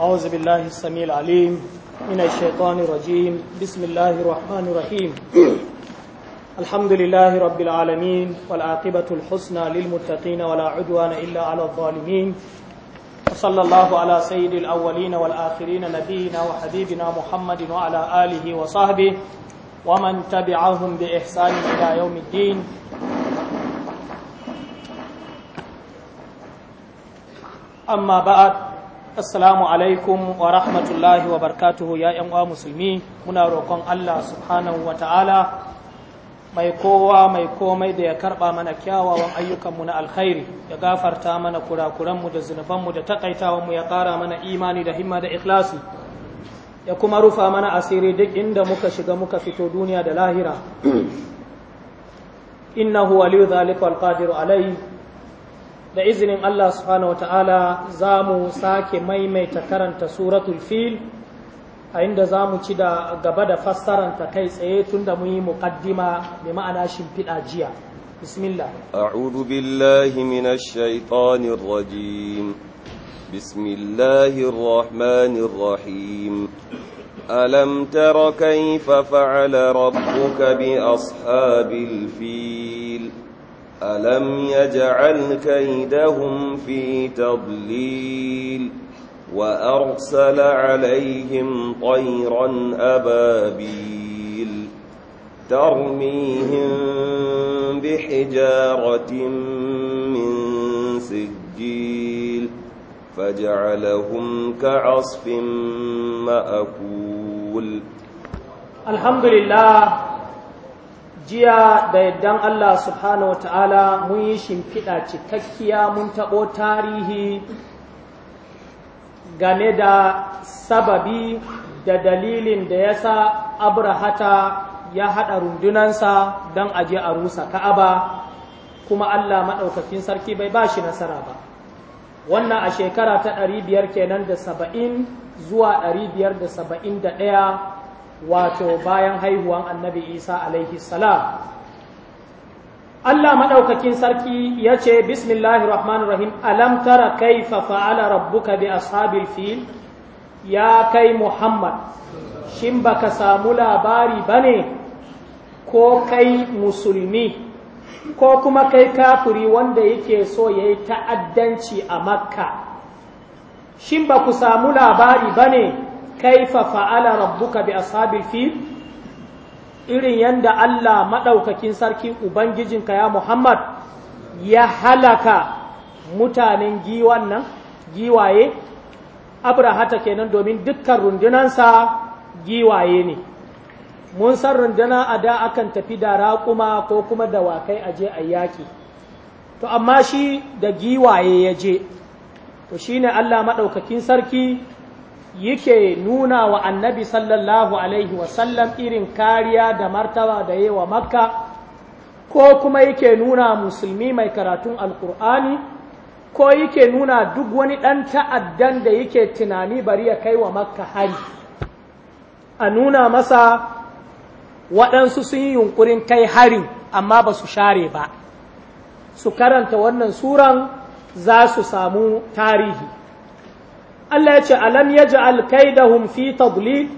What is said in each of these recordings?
أعوذ بالله السميع العليم من الشيطان الرجيم بسم الله الرحمن الرحيم الحمد لله رب العالمين والعاقبة الحسنى للمتقين ولا عدوان إلا على الظالمين وصلى الله على سيد الأولين والآخرين نبينا وحبيبنا محمد وعلى آله وصحبه ومن تبعهم بإحسان إلى يوم الدين أما بعد Assalamu alaikum wa rahmatullahi wa barkatuhu ya ‘yan uwa musulmi, muna roƙon Allah subhanahu wa ta'ala mai kowa mai komai da ya karɓa mana kyawawan ayyukanmu na alkhairi, ya gafarta mana kurakuranmu da zunubanmu da taƙaitawanmu ya ƙara mana imani da himma da ikhlasi, ya kuma rufa mana asiri duk inda muka shiga muka fito duniya da lahira. Innahu waliyu zalika alqadiru alai da izinin Allah subhanahu wata'ala za mu sake maimaita karanta suratul fil a inda za mu ci da gaba da fassaranta kai tsaye tun da mu yi muƙaddima mai ma'ana shimfiɗa jiya bismillah a'udhu billahi minash shaitanir rajim bismillahir rahmanir rahim alam tara kayfa fa'ala rabbuka bi ashabil fil ألم يجعل كيدهم في تضليل وأرسل عليهم طيرا أبابيل ترميهم بحجارة من سجيل فجعلهم كعصف مأكول الحمد لله jiya da yaddan Allah subhanahu wata'ala mun yi shimfiɗa cikakkiya mun taɓo tarihi game da sababi da dalilin da ya sa abrahata ya haɗa rundunansa don aje a rusa ka'aba kuma Allah maɗaukakin sarki bai ba shi nasara ba wannan a shekara ta ɗari biyar kenan da saba'in zuwa ɗari biyar da da ɗaya wato bayan haihuwan annabi isa alaihi salam Allah maɗaukakin sarki ya ce bismillahir rahim alam tara kaifa fa'ala rabbuka bi ashabil fil ya kai muhammad shin baka samu labari bane ko kai musulmi ko kuma kai kafiri wanda yake so ya yi ta'addanci a makka shin ba ku samu labari ba ne kaifa fa'ala rabbuka bi ashabil fil irin yanda Allah madaukakin sarki ubangijinka ya Muhammad ya halaka mutanen giwan nan giwaye abrahata kenan domin dukkan rundunansa giwaye ne mun san runduna a da akan tafi da raƙuma ko kuma dawakai a je a yaƙi to amma shi da giwaye ya je to shine Allah maɗaukakin sarki yake nuna wa annabi sallallahu alaihi wasallam irin kariya da martaba da yi makka ko kuma yake nuna musulmi mai karatun alkur'ani ko yake nuna duk wani ɗan ta'addan da yake tunani bari ya kai wa makka hari a nuna masa waɗansu sun yi yunkurin kai hari amma ba su share ba su karanta wannan suran za su samu tarihi Allah ya ce alam ji humfi fi tadlil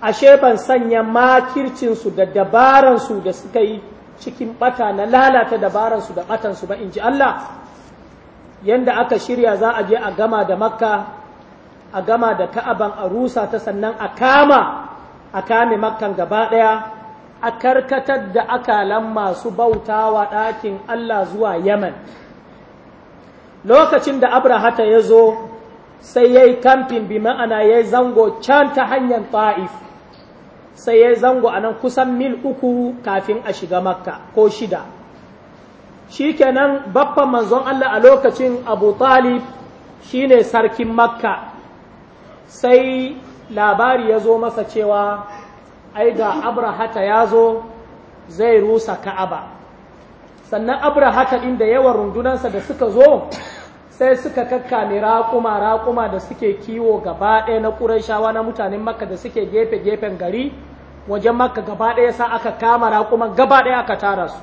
a ban sanya makircinsu da dabaransu da suka yi cikin bata na lalata dabaransu da ɓatansu ba in ji Allah yanda aka shirya za a je a gama da Makka a gama da Ka'aban arusa ta sannan a kama a kame Makkan gaba daya a karkatar da akalan masu bautawa ɗakin Allah zuwa Yaman lokacin da Abrahata ya zo sai ya yi kamfin bi ma'ana ya zango can ta hanyar ta'if sai ya yi zango a nan kusan mil uku kafin a shiga makka ko shida shi kenan babban manzon Allah a lokacin abu talib shi ne sarkin makka sai labari ya zo masa cewa ai ga abrahata ya zo zai rusa ka'aba sannan abrahata inda yawan rundunansa da suka zo sai suka kakkame raƙuma raƙuma da suke kiwo gaba ɗaya na shawa na mutanen makka da suke gefe gefen gari wajen makka gaba ɗaya sa aka kama raƙuma gaba ɗaya aka tara su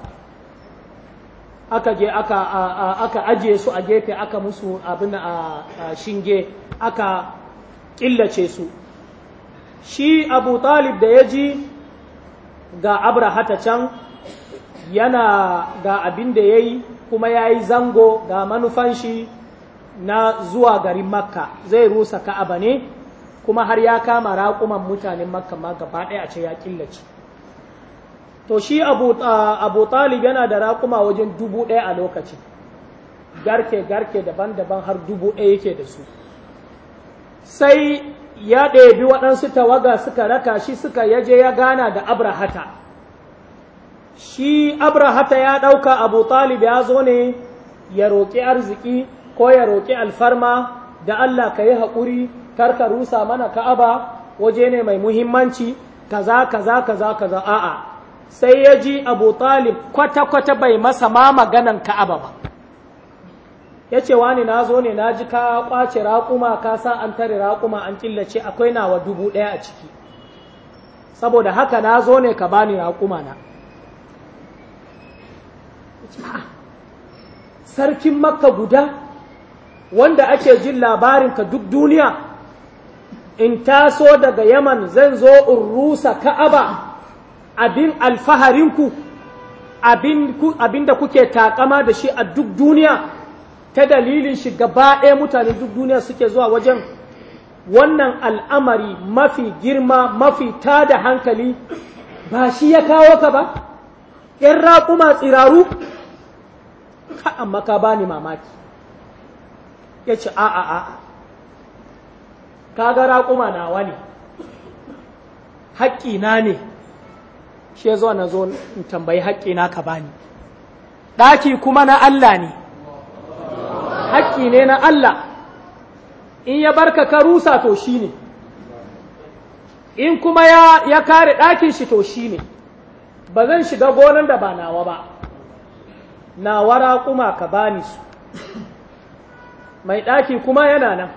aka je aka ajiye su a gefe aka musu abin a shinge aka ƙillace su shi abu talib da ya ji ga abrahata can yana ga abin da ya yi kuma ya yi zango ga manufanshi. na zuwa garin makka zai rusa ka'aba ne kuma har ya kama raƙuman mutanen makka ma gaba ɗaya a ce ya killace to shi abu talib yana da raƙuma wajen dubu ɗaya a lokaci. garke-garke daban-daban har dubu ɗaya yake da su sai ya ɗebi waɗansu tawaga suka raka shi suka yaje ya gana da abrahata shi abrahata ya ɗauka abu talib ya zo ne ya roƙi arziki ko ya roƙi alfarma da Allah ka yi haƙuri kar ka rusa mana ka'aba waje ne mai muhimmanci kaza kaza kaza kaza a'a sai ya ji abu talib kwata-kwata bai masa ma maganan ka'aba ba ya ce wani na zo ne na ji ka kwace raƙuma ka sa an tare raƙuma an killace akwai nawa dubu ɗaya a ciki saboda haka na zo ne ka bani raƙuma na sarkin makka guda wanda ake jin labarinka duk duniya in taso daga yaman zan zo in rusa ka'aba abin alfaharinku abin da kuke takama da shi a duk duniya ta dalilin shi gaba ɗaya mutane duk duniya suke zuwa wajen wannan al'amari mafi girma mafi tada hankali ba shi ya kawo ka ba ‘yan raƙuma tsiraru ka'an amma ka bani mamaki ya ce a a a kaga raƙuma nawa ne haƙƙina ne shi ya zo na zo in tambayi haƙƙina ka bani ɗaki kuma na Allah ne haƙƙi ne na Allah in ya barka ka rusa to shi ne in kuma ya, ya kare ɗakin shi to shi ne ba zan shiga gonar da ba nawa ba nawa raƙuma ka bani su mai ɗaki kuma yana nan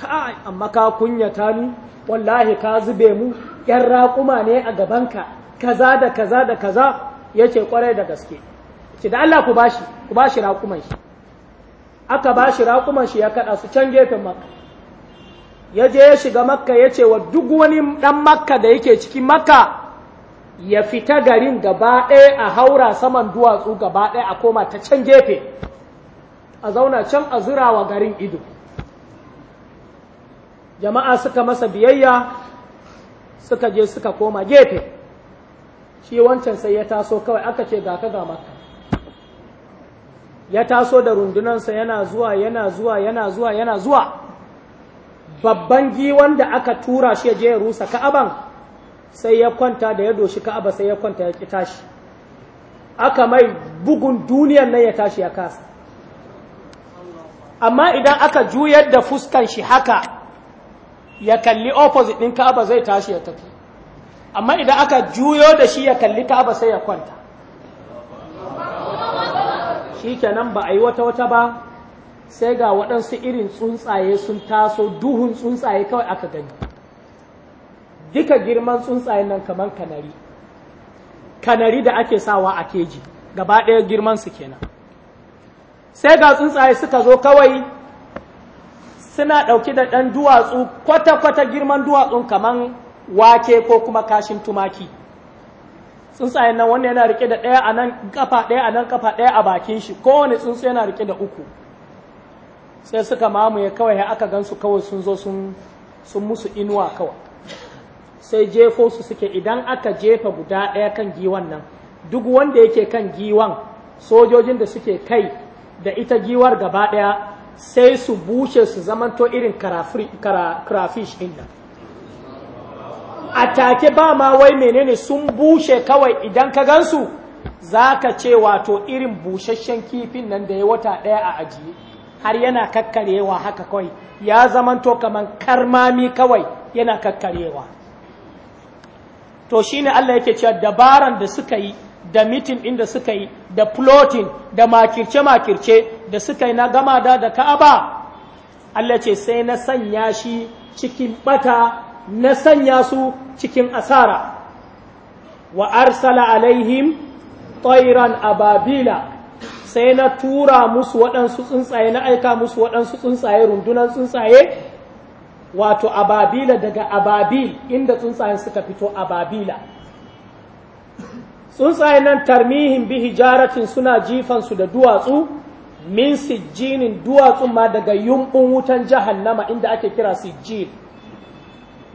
ka amma ka kunyata ni wallahi ka zube mu ‘yan raƙuma ne a gabanka kaza da kaza da kaza ya ce ƙwarai da gaske ce da Allah ku bashi ku bashi raƙuman shi aka bashi raƙuman shi ya kaɗa su can gefen makka ya je ya shiga makka ya ce wa duk wani ɗan makka da yake cikin makka ya fita garin gaba ɗaya a haura saman duwatsu gaba ɗaya a koma ta can gefe a zauna can a zura wa garin ido jama'a suka masa biyayya suka je suka koma gefe shi wancan sai ya taso kawai aka ce ga ka ga maka ya taso da rundunansa yana zuwa yana zuwa yana zuwa yana zuwa babban giwan da aka tura shi je ya rusa ka'aban sai ya kwanta da ya doshi ka'aba sai ya kwanta ya ki tashi aka mai bugun duniyan nan ya tashi ya kasa amma idan aka juyar da fuskan shi haka ya kalli opposite ɗin ka'aba zai tashi ya tafi amma idan aka juyo da shi ya kalli ka'aba sai ya kwanta shi kenan ba a yi wata wata ba sai ga waɗansu irin tsuntsaye sun taso duhun tsuntsaye kawai aka gani duka girman tsuntsaye nan kamar kanari kanari da ake sawa a keji gaba ɗaya girmansu kenan sai ga tsuntsaye suka zo kawai suna ɗauki da ɗan duwatsu kwata-kwata girman duwatsun kamar wake ko kuma kashin tumaki tsuntsaye nan wani yana rike da ɗaya a nan kafa ɗaya a nan kafa ɗaya a bakin shi kowane tsuntsu yana rike da uku sai suka mamaye kawai aka gansu kawai sun zo sun musu inuwa kawai sai jefo su suke idan aka jefa guda ɗaya kan giwan nan duk wanda yake kan giwan sojojin da suke kai da ita giwar gaba ɗaya sai su bushe su zamanto irin karafish ɗin nan a take ba ma wai menene sun bushe kawai idan ka gansu za ka ce wato irin busasshen kifin nan da ya wata ɗaya a ajiye har yana kakkarewa haka kawai ya zamanto kamar karmami kawai yana kakkarewa to shi ne Allah yake cewa dabaran da suka yi da mitin inda suka yi da plotin da makirce-makirce da suka yi na gama da da ka'aba Allah ce sai na sanya shi cikin bata na sanya su cikin asara wa arsala alaihim tsairan ababila sai na tura musu waɗansu tsuntsaye na aika musu waɗansu tsuntsaye rundunar tsuntsaye wato ababila daga ababil inda tsuntsaye suka fito ababila tsuntsaye nan tarmihin bi hijaratin suna jifansu da duwatsu min sijjinin duwatsun ma daga yumbun wutan jahannama inda ake kira sijjin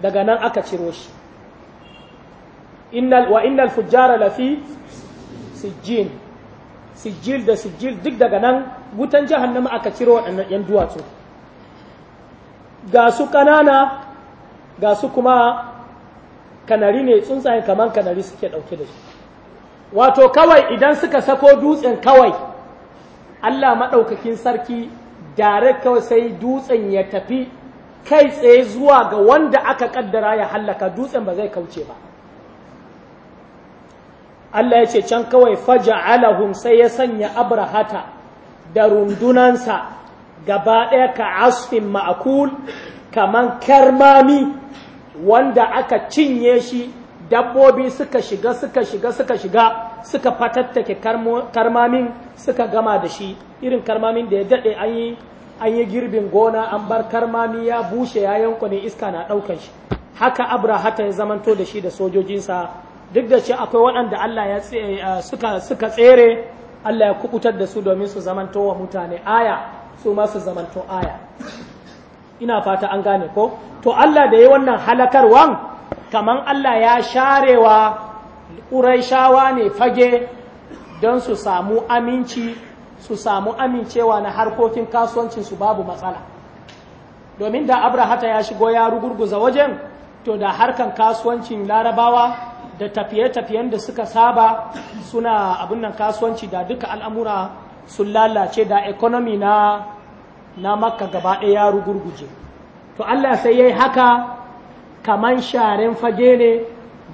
daga nan aka ciro shi wa innal fujjara lafi sijjin sijjil da sijjil duk daga nan wutan jahannama aka ciro waɗannan 'yan duwatsu ga su ƙanana ga su kuma kanari ne tsuntsayen kamar kanari suke ɗauke da shi. wato kawai idan suka sako dutsen kawai Allah maɗaukakin sarki dare kawai sai dutsen ya tafi kai tsaye zuwa ga wanda aka kaddara ya hallaka dutsen ba zai kauce ba Allah ya ce can kawai faja'alahum sai ya sanya abrahata da rundunansa gaba ɗaya ka asfin ma'akul kamar karmami wanda aka cinye shi dabbobi suka shiga suka shiga suka shiga suka fatattake karmamin suka gama da shi irin karmamin da ya daɗe an yi girbin gona an bar karmami ya bushe ya yanko ne iska na ɗaukan shi haka abrahata ya zamanto da shi da sojojinsa duk da shi akwai waɗanda Allah ya eh, suka tsere Allah ya kubutar da su domin su zamanto wa mutane aya su ma su zamanto aya ina fata an gane ko to Allah da ya yi wannan halakarwan kaman Allah ya sharewa ƙuraishawa ne fage don su samu aminci su samu amincewa na harkokin kasuwancinsu babu matsala domin da abrahata ya shigo ya rugurguza wajen to da harkan kasuwancin larabawa da tafiye-tafiyen da suka saba suna abin nan kasuwanci da duka al'amura sun lalace da economy na na makka gaba ɗaya ya rugurguje to Allah sai ya yi haka kaman sharen fage ne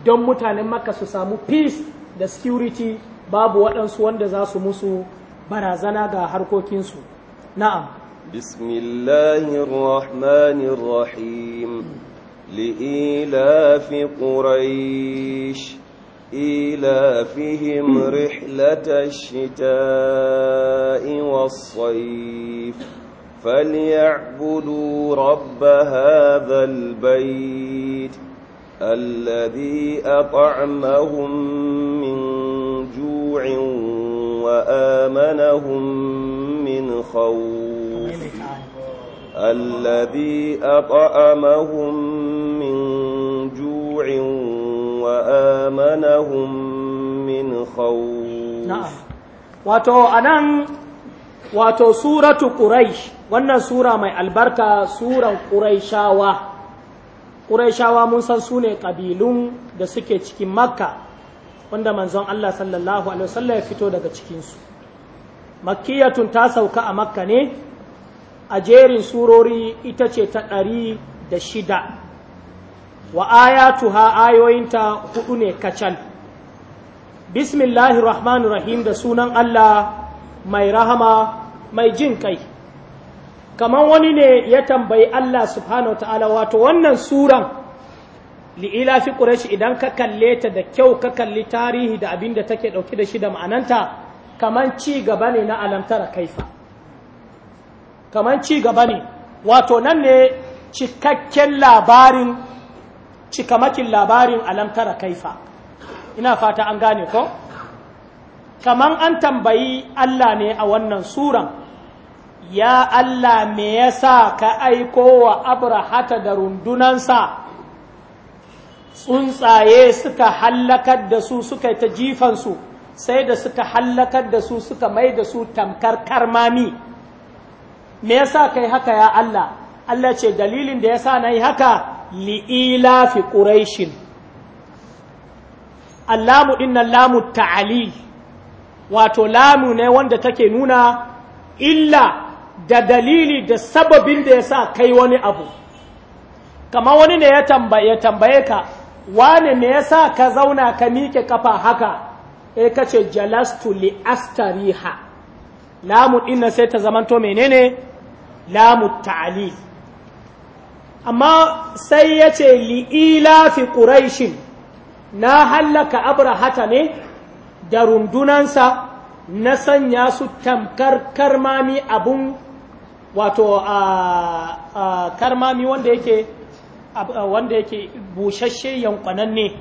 don mutanen maka su samu peace da security babu waɗansu wanda za su musu barazana ga harkokinsu na'am bismillahirrahmanirrahim li'ilafi quraish إيلافهم رحلة الشتاء والصيف فليعبدوا رب هذا البيت الذي أطعمهم من جوع وآمنهم من خوف الذي أطعمهم من جوع وآمنهم من خوف نعم واتو أنان واتو سورة قريش wannan sura mai albarka suran ƙuraishawa ƙuraishawa mun san su ne ƙabilun da suke cikin makka wanda manzon Allah sallallahu alaihi wasallam ya fito daga cikinsu makkiyatun ta sauka a makka ne a jerin surori ita ce ta ɗari da shida wa ha ayoyinta hudu ne kacal Bismillahi rahmanirrahim da sunan Allah mai rahama mai jin kai kamar wani ne ya tambayi Allah subhanahu wa ta'ala wato wannan suran li'ila fi ƙurashi idan ka kalle ta da kyau ka kalli tarihi da abin da take ɗauki da shi da ma'ananta kamar ci gaba ne na alamtara kaifa kamar ci gaba ne wato nan ne cikakken labarin cikamakin labarin alamtara kaifa ina fata an gane ko kamar an tambayi Allah ne a wannan suran ya Allah me yasa ka aiko wa abrahata da rundunansa tsuntsaye suka hallakar da su suka ta jifansu sai da suka hallakar da su suka mai da su tamkar karmami me yasa yi haka ya Allah Allah ce dalilin da yasa na yi haka li'ila fi ƙuraishin allamu dinnan lamu ta'ali wato lamu ne wanda take nuna illa da dalili da sababin da ya sa kai wani abu kama wani ne ya tambaye ka wane ne ya sa ka zauna ka miƙe kafa haka e ka ce jalastu li astariha lamu ɗin sai ta zamanto menene lamu ta'alil amma sai ya ce li'ilafi ƙuraishin na hallaka abrahata ne da rundunansa na sanya su tamkar karmami abun wato a karmami wanda yake wanda yake bushashe yankwananne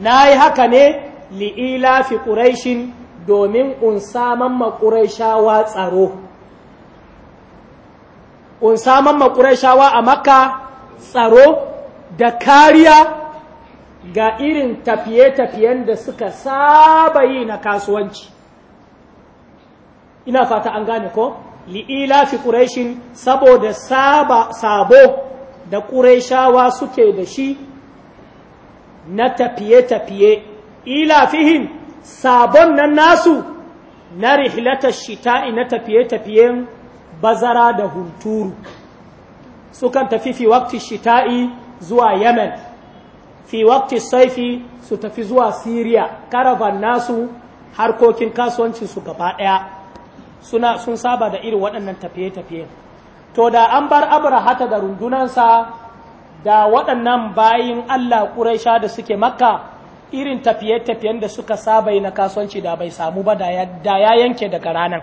na yi haka ne li'ilafi ƙuraishin domin saman maƙuraishawa tsaro saman maƙuraishawa a makka tsaro da kariya ga irin tafiye-tafiyen da suka saba yi na kasuwanci ina fata an gane ko? liilafi fi ƙureshin saboda sabo da ƙureshawa suke da shi na tafiye-tafiye ila fihim sabon nan nasu na rihilatar shita'i na tafiye-tafiyen bazara da hunturu sukan tafi fi wakti shita'i zuwa yemen fi wakti saifi su tafi zuwa siriya karavan nasu harkokin kasuwancinsu gaba ɗaya suna sun saba da irin waɗannan tafiye-tafiye to da an bar abrahata da rundunansa da waɗannan bayin allah ƙuraisha da suke makka irin tafiye-tafiyen da suka saba na kasuwanci da bai samu ba da ya yanke daga ranar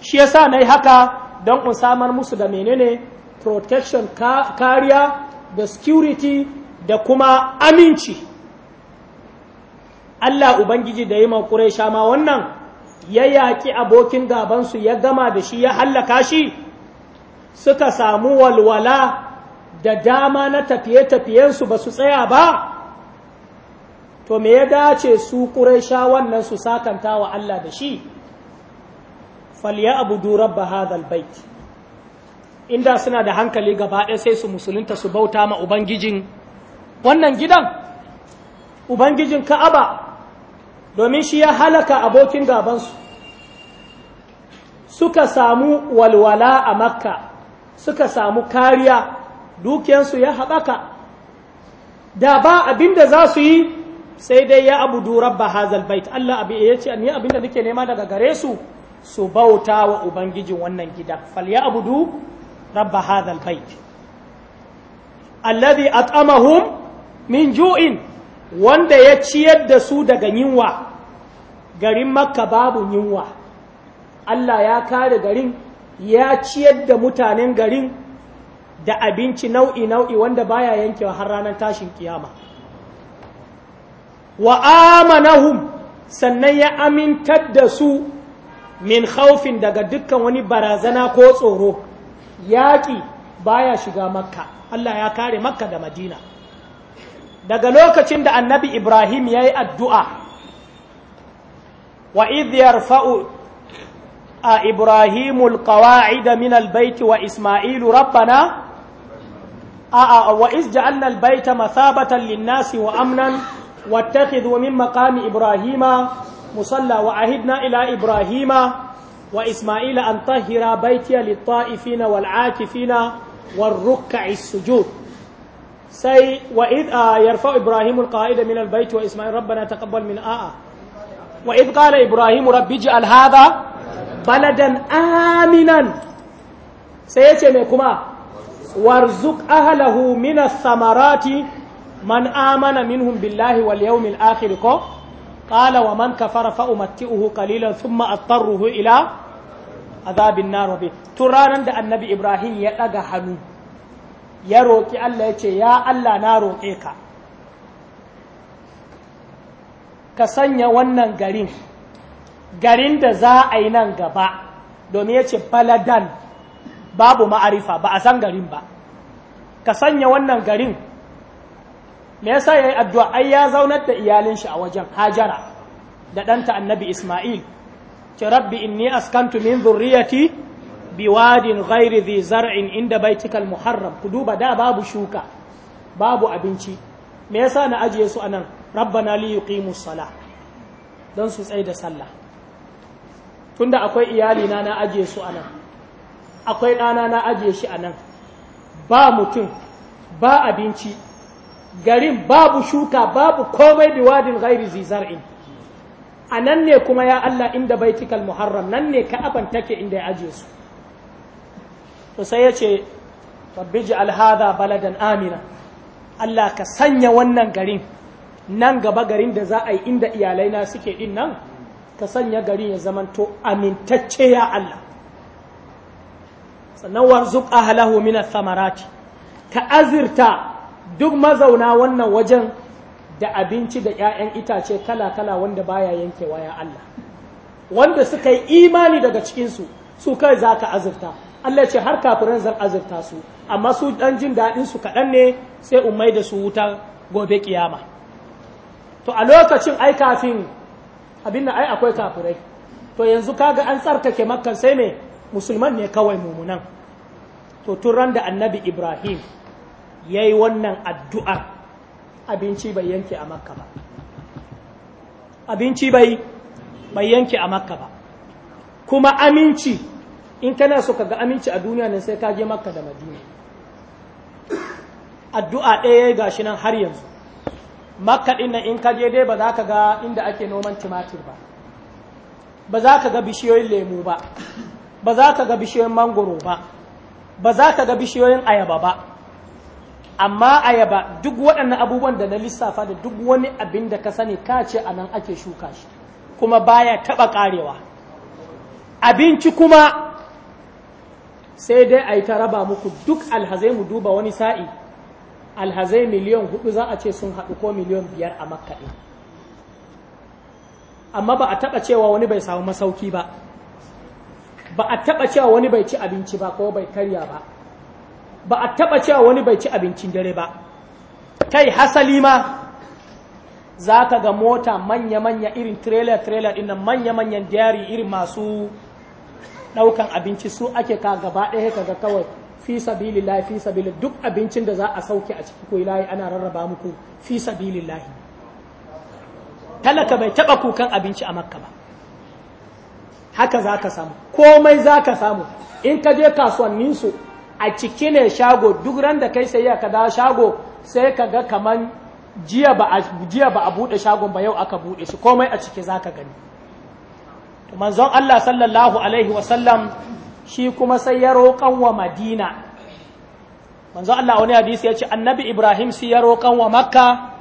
shi yasa na yi haka don in samar musu da menene protection kariya da security da kuma aminci allah ubangiji da yi ma ƙuraisha ma wannan ya yaƙi abokin gabansu ya gama da shi ya hallaka shi suka samu walwala da dama na tafiye-tafiyensu ba su tsaya ba to me ya dace su sha wannan su sakanta wa Allah da shi falya abu durar bahadal bait inda suna da hankali gaba ɗaya sai su musulunta su bauta ma ubangijin wannan gidan ubangijin ka'aba domin shi ya halaka abokin gabansu suka samu walwala a makka suka samu kariya dukiyansu ya haɓaka da ba abin da za su yi sai dai ya abu rabba hazal bait Allah abin ya ce ni abin da nake nema daga gare su su bauta wa ubangijin wannan gida fal ya abudu rabba hazal bait alladhi at'amahum min ju'in wanda ya ciyar da su daga yunwa garin makka babu yunwa Allah ya kare garin ya ciyar da mutanen garin da abinci nau'i nau'i wanda baya yankewa har ranar tashin kiyama wa amanahum sannan ya amintar da su min khaufin daga dukkan wani barazana ko tsoro yaƙi baya shiga makka Allah ya kare makka da madina daga lokacin da annabi ibrahim ya yi addu'a wa idiyar fa'u a ibrahimul kawa'ida minal baiti wa ismailu rabbana a wa izja annal baita masabatan linnasi wa amnan واتخذوا من مقام إبراهيم مصلى وعهدنا إلى إبراهيم وإسماعيل أن طهر بيتي للطائفين والعاكفين والركع السجود sai wa id ah, yarfa ibrahim alqaida min albayt wa isma'il rabbana taqabbal min a'a ah, ah. wa id qala ibrahim rabbi ij'al hadha baladan aminan sai yace me kuma warzuq ahlahu min ath-thamarati man amana minhum billahi wal yawmil akhir ko wa قال ومن كفر فأمتئه قليلا ثم أضطره إلى عذاب النار به da annabi Ibrahim ya ɗaga hannu. ya roƙi Allah ya ce ya Allah na roƙe ka ka sanya wannan garin garin da za a yi nan gaba domin ya ce baladan babu ma'arifa ba a san garin ba ka sanya wannan garin me yasa ya yi addu'a ai ya zaunar da iyalin shi a wajen hajara da ɗanta annabi ismail ce rabbi inni askantu min zurriyati biwadin ghairi dhi zar'in inda baitikal muharram ku duba da babu shuka babu abinci me yasa na ajiye su anan rabbana li yuqimus sala don su tsaye da sallah tunda akwai iyali na na ajiye su anan akwai ɗana na ajiye shi anan ba mutum ba abinci garin babu shuka babu komai biwadin ghairi dhi zar'in a nan ne kuma ya Allah inda baitikal muharram nan ne ka'aban ke inda ya ajiye su to sai ya ce rabbi ji alhada baladan amina Allah ka sanya wannan garin nan gaba garin da za a yi inda iyalai na suke din nan ka sanya garin ya zama to amintacce ya Allah sannan warzuq ahlahu min samarati ka azirta duk mazauna wannan wajen da abinci da 'ya'yan itace kala-kala wanda baya yankewa ya Allah wanda suka yi imani daga cikin su kai za ka azurta Allah ce har kafiran zan azurta su amma su dan jin daɗin su kaɗan ne sai umai da su wutar gobe kiyama to a lokacin ai kafin abin ai akwai kafirai to yanzu kaga an tsarkake makkan sai me musulman ne kawai mumunan to tun ran da annabi ibrahim ya yi wannan addu'ar abinci bai yanke a makka ba abinci bai yanke a makka ba kuma aminci in kana so ka ga aminci a duniya nan sai ka je makka da madina addu'a ɗaya ga shi nan har yanzu makka ɗin nan in ka je dai ba za ka ga inda ake noman tumatir ba ba za ka ga bishiyoyin lemu ba ba za ka ga bishiyoyin mangoro ba ba za ka ga bishiyoyin ayaba ba amma ayaba duk waɗannan abubuwan da na lissafa da duk wani abin da ka sani ka ce a nan ake shuka shi kuma baya taɓa ƙarewa abinci kuma sai dai a yi ta raba muku duk alhazai mu duba wani sa'i alhazai miliyan hudu za a ce sun haɗu ko miliyan biyar a makka ɗin amma ba a taɓa cewa wani bai samu masauki ba ba a taɓa cewa wani bai ci abinci ba ko bai karya ba ba a taɓa cewa wani bai ci abincin dare ba kai hasali ma za ka ga mota manya-manya irin trailer-trailer ɗin manya-manyan diary irin masu daukan abinci su ake ka gaba ɗaya kaga kawai fi sabilillahi fi sabilillahi duk abincin da za a sauke a ciki ko ilahi ana rarraba muku fi sabilillahi talaka bai taba kukan abinci a makka ba haka za ka samu komai za ka samu in ka je kasuwannin su a ciki ne shago duk ran da kai sai ka da shago sai ka ga kaman jiya ba a buɗe shagon ba yau aka buɗe shi komai a ciki za ka gani manzon Allah sallallahu alaihi wasallam shi kuma sai ya roƙan wa madina manzon Allah wani hadisi ya ce annabi ibrahim sai ya roƙan wa makka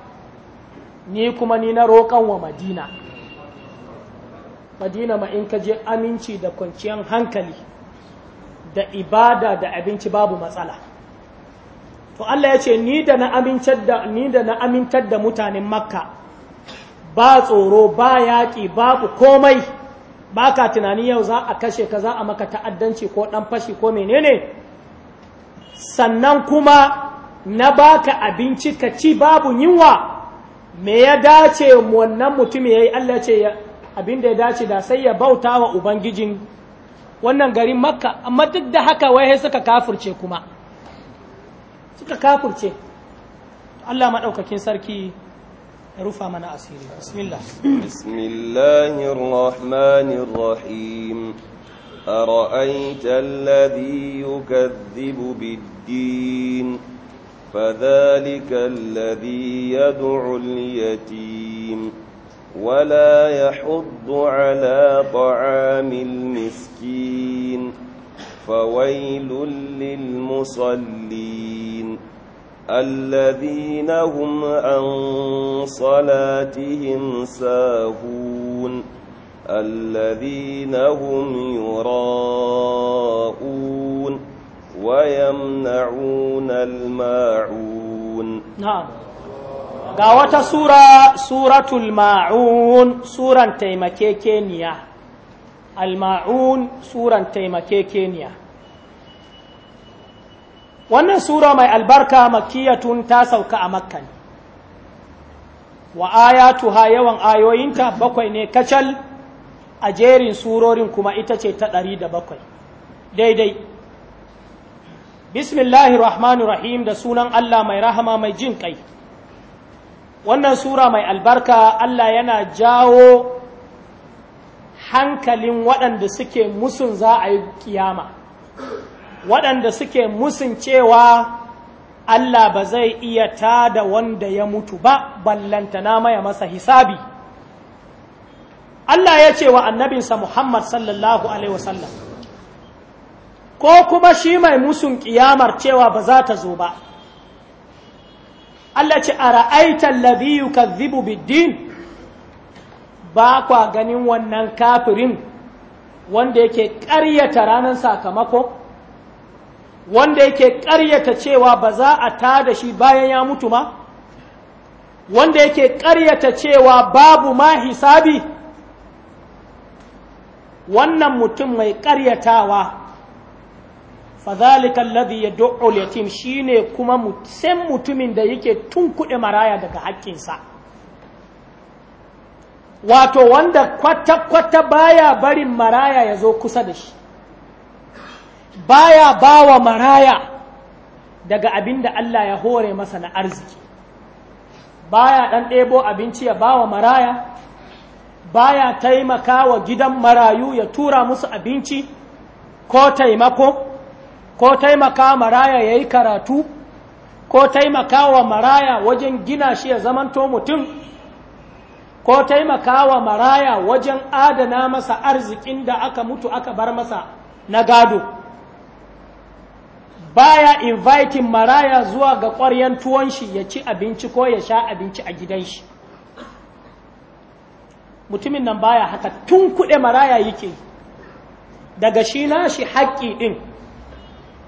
ni kuma ni na roƙan wa madina madina ma in ka je aminci da kwanciyar hankali da ibada da abinci babu matsala to Allah ya ce ni da na amintar da ni da na amintar da mutanen makka ba tsoro ba yaƙi babu komai ba ka tunani yau za a kashe ka za a maka ta'addanci ko ɗan fashi ko menene sannan kuma na baka abinci ka ci babu yinwa. me ya dace wannan mutum ya yi Allah ce abin da ya dace da sai ya bauta wa Ubangijin wannan garin makka amma duk da haka wai suka kafurce kuma suka kafurce Allah maɗaukakin sarki رفع من أسيري بسم الله بسم الله الرحمن الرحيم أرأيت الذي يكذب بالدين فذلك الذي يدعو اليتيم ولا يحض على طعام المسكين فويل للمصلين الذين هم عن صلاتهم ساهون الذين هم يراءون ويمنعون الماعون نعم ga wata sura suratul ma'un suran taimakekeniya al ma'un suran wannan sura mai albarka makiyatun ta sauka a makka ne wa ha yawan ayoyinta bakwai ne kacal a jerin surorin kuma ita ce ta ɗari da bakwai daidai bismillahi rahmanir rahim da sunan allah mai rahama mai jin kai wannan sura mai albarka allah yana jawo hankalin waɗanda suke musun za a yi kiyama waɗanda suke musun cewa Allah ba zai iya tada wanda ya mutu ba ballantana maya masa hisabi Allah ya ce wa annabinsa Muhammad sallallahu alaihi wasallam ko kuma shi mai musun kiyamar cewa ba za ta zo ba Allah ce a ra'aitar labiyu ka zibu biddin ba kwa ganin wannan kafirin wanda yake ƙaryata ranar sakamako wanda yake ƙaryata cewa ba za a ta da shi bayan ya mutu ma wanda yake ƙaryata cewa babu ma hisabi wannan mutum mai ƙaryatawa fadhalika alladhi yad'u al-yatim shine kuma san mutumin da yake tunkuɗe maraya daga haƙƙinsa wato wanda kwata-kwata baya barin maraya ya zo kusa da shi baya bawa maraya daga abin da Allah ya hore masa na arziki baya ɗan ɗebo abinci ya bawa maraya baya taimaka wa gidan marayu ya tura musu abinci ko taimako ko taimaka maraya ya yi karatu ko taimaka wa maraya wajen gina shi ya zamanto mutum ko taimaka wa maraya wajen adana masa arzikin da aka mutu aka bar masa na gado baya inviting maraya zuwa ga ƙwaryan tuwon shi ya ci abinci ko ya sha abinci a gidan shi mutumin nan baya haka tun kuɗe maraya yake daga shi nashi haƙƙi ɗin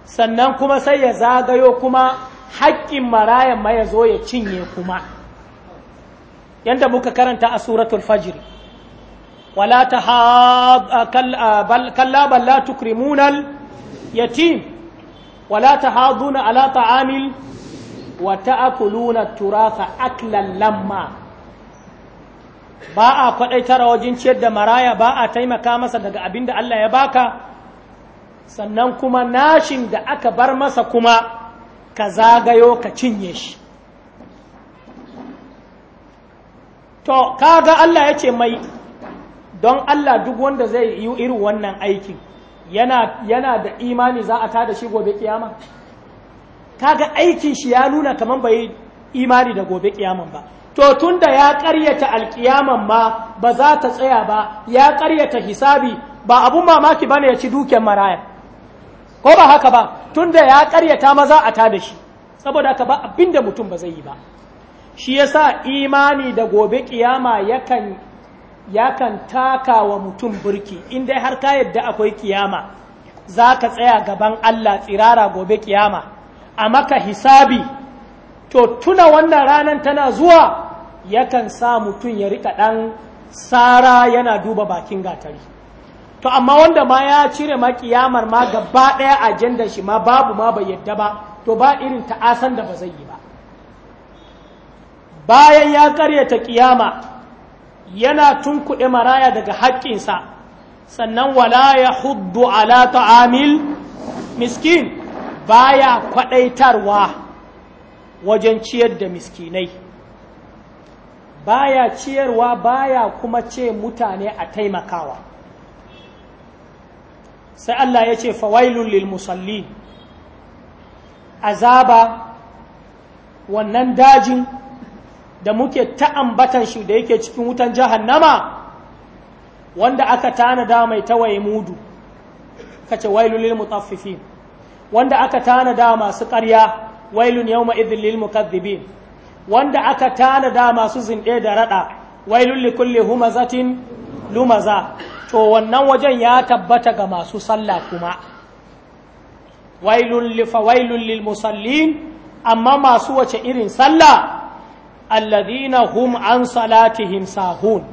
sannan kuma sai ya zagayo kuma haƙƙin marayan ma ya zo ya cinye kuma yadda muka karanta a suratul fajr wala ta kalla balla tukrimunal yatim wala tahaduna alata amil wa ta'kuluna turatha aklan lamma ba a kwadaitarwa wajen ciyar da maraya ba a taimaka masa daga abin da Allah ya baka sannan kuma nashin da aka bar masa kuma ka zagayo ka cinye shi to kaga Allah ya ce mai don Allah duk wanda zai yi irin wannan aikin yana da imani za a tada shi gobe kiyama kaga aikin shi ya nuna kamar bai imani da gobe kiyaman ba to tunda ya karyata alkiyaman ma ba za ta tsaya ba ya karyata hisabi ba abun mamaki bane ya ci duken maraya ko ba haka ba tunda ya karyata ma za a tada shi saboda haka ba abinda mutum ba zai yi ba shi yasa imani da gobe kiyama yakan ya kan taka wa mutum burki in dai har ka yadda akwai kiyama za ka tsaya gaban Allah tsirara gobe kiyama a maka hisabi to tuna wannan ranar tana zuwa ya kan sa mutum ya rika ɗan tsara yana duba bakin gatari to amma wanda ma ya cire ma kiyamar ma gaba ɗaya ajandar shi ma babu ma bai yadda ba to ba irin ta'asan da ba zai yi ba bayan ya karyata kiyama yana tunkuɗe maraya daga haƙƙinsa sannan wala ya huddu ala ta'amil miskin baya kwaɗaitarwa wajen ciyar da miskinai baya ciyarwa baya kuma ce mutane a taimakawa sai Allah ya ce fawailun lil musallin azaba wannan dajin da muke ta ambatan shi da yake cikin wutan jahannama wanda aka tanada mai tawaye mudu kace wailul lil mutaffifin wanda aka tanada masu ƙarya wailun yawma idhil lil mukaththibin wanda aka tanada masu zinde da rada wailul likulli humazatin lumaza to wannan wajen ya tabbata ga masu sallah kuma wailul li fawailul lil musallin amma masu wace irin sallah alladina hum an salatihim sahun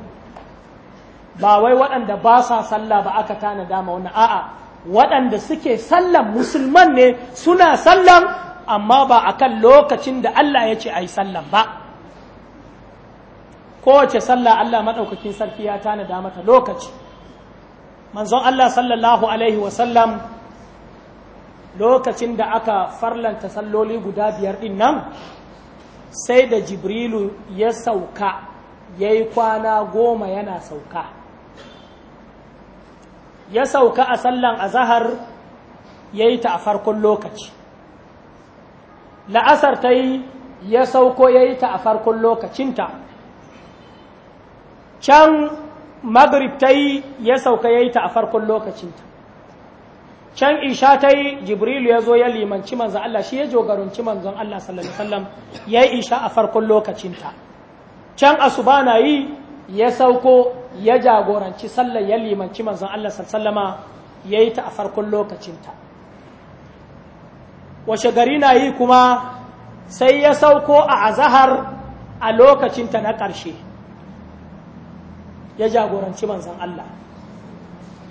ba wai waɗanda ba sa sallah ba aka tana dama wannan a'a waɗanda suke sallan musulman ne suna sallan amma ba akan lokacin da Allah ya ce yi sallan ba kowace sallah Allah maɗaukakin sarki ya tana da mata lokaci manzon Allah sallallahu alaihi wasallam lokacin da aka farlanta salloli guda biyar ɗin nan sai da jibrilu ya sauka ya yi kwana goma yana sauka ya sauka a sallan azahar ya yi ta a farkon lokaci la'asar ta yi ya sauko ya yi ta a farkon lokacinta can magrib ta yi ya sauka ya yi ta a farkon lokacinta can isha ta yi jibrilu ya zo ya limanci manzon Allah shi ya jogarunci manzon Allah sallallahu alaihi ya yi isha a farkon lokacinta can asuba na yi ya sauko ya jagoranci sallar ya limanci manzon Allah sallallama ya yi ta a farkon lokacinta washe gari na yi kuma sai ya sauko a azahar a lokacinta na ƙarshe ya jagoranci manzan Allah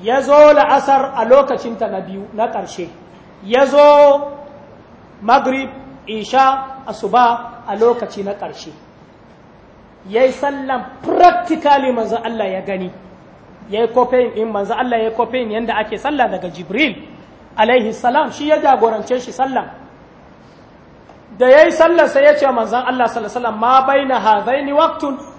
ya zo la'asar a lokacinta na biyu na ƙarshe ya zo maghrib isha asuba a lokaci na ƙarshe ya yi sallan praktikali manzan Allah ya gani ya yi kofin in manzan Allah ya yi kofin yadda ake sallah daga jibril alaihi salam shi ya jagorance shi sallan da ya yi sallarsa ya ce manzan Allah sallallahu ma bai na hazaini waktun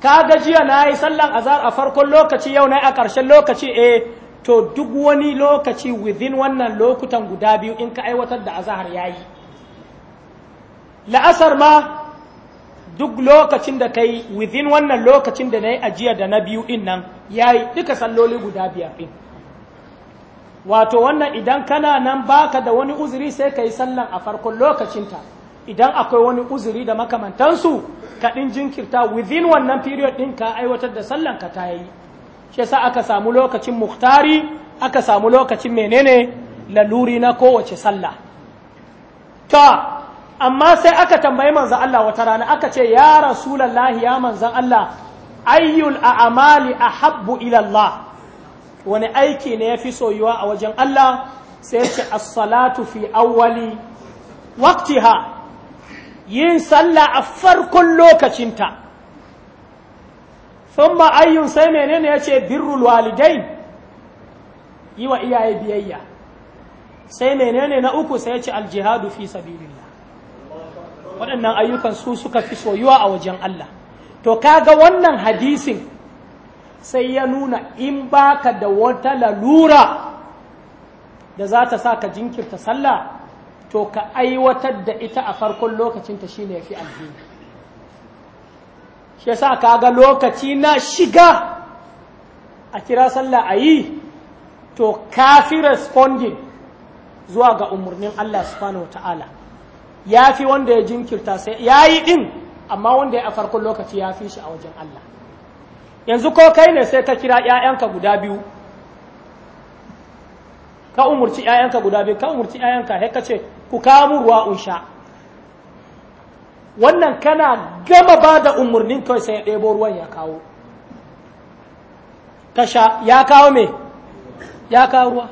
ka ga jiya na yi sallan azar a farkon lokaci yau na yi a ƙarshen lokaci eh to duk wani lokaci within wannan lokutan guda biyu in ka aiwatar da azahar ya yi la'asar ma duk lokacin da ka yi within wannan lokacin da na yi ajiya da na biyu in nan ya yi duka salloli guda biyar ɗin wato wannan idan kana nan baka da wani uzuri sai ka yi sallan a farkon lokacinta idan akwai wani uzuri da makamantansu kaɗin jinkirta within wannan period ɗin ka aiwatar da sallan ka ta yi shi yasa aka samu lokacin muhtari aka samu lokacin menene laluri na kowace sallah ta amma sai aka tambayi manzan Allah wata rana aka ce ya rasulallahi ya manzan Allah ayyul a'amali ahabbu ila Allah wani aiki ne yafi soyuwa a wajen Allah sai ce as-salatu fi awwali waqtiha yin sallah a farkon lokacinta sun ba ayyun sai menene ya ce birrul walidai yi wa iyaye biyayya sai menene na uku sai ya ce aljihadu fi sabirinla waɗannan ayyukan su suka fi soyuwa a wajen Allah to kaga wannan hadisin sai ya nuna in baka da wata lalura da za ta sa ka jinkirta sallah to ka aiwatar da ita a farkon lokacinta shi ne fi alhini shi yasa ka ga lokaci na shiga a kira sallah a yi to fi responding zuwa ga umarnin Allah subhanahu ta'ala ya fi wanda ya jinkirta sai ya yi ɗin amma wanda ya a farkon lokaci ya fi shi a wajen Allah yanzu ko kai ne sai ka kira 'ya'yanka guda biyu ka umurci ‘ya'yanka guda biyu ka umurci ‘ya'yanka sai ka ce ku kawo mu ruwa in sha wannan kana gama ba da umarnin kawai sai ya ɗebo ruwan ya kawo ka sha ya kawo me ya kawo ruwa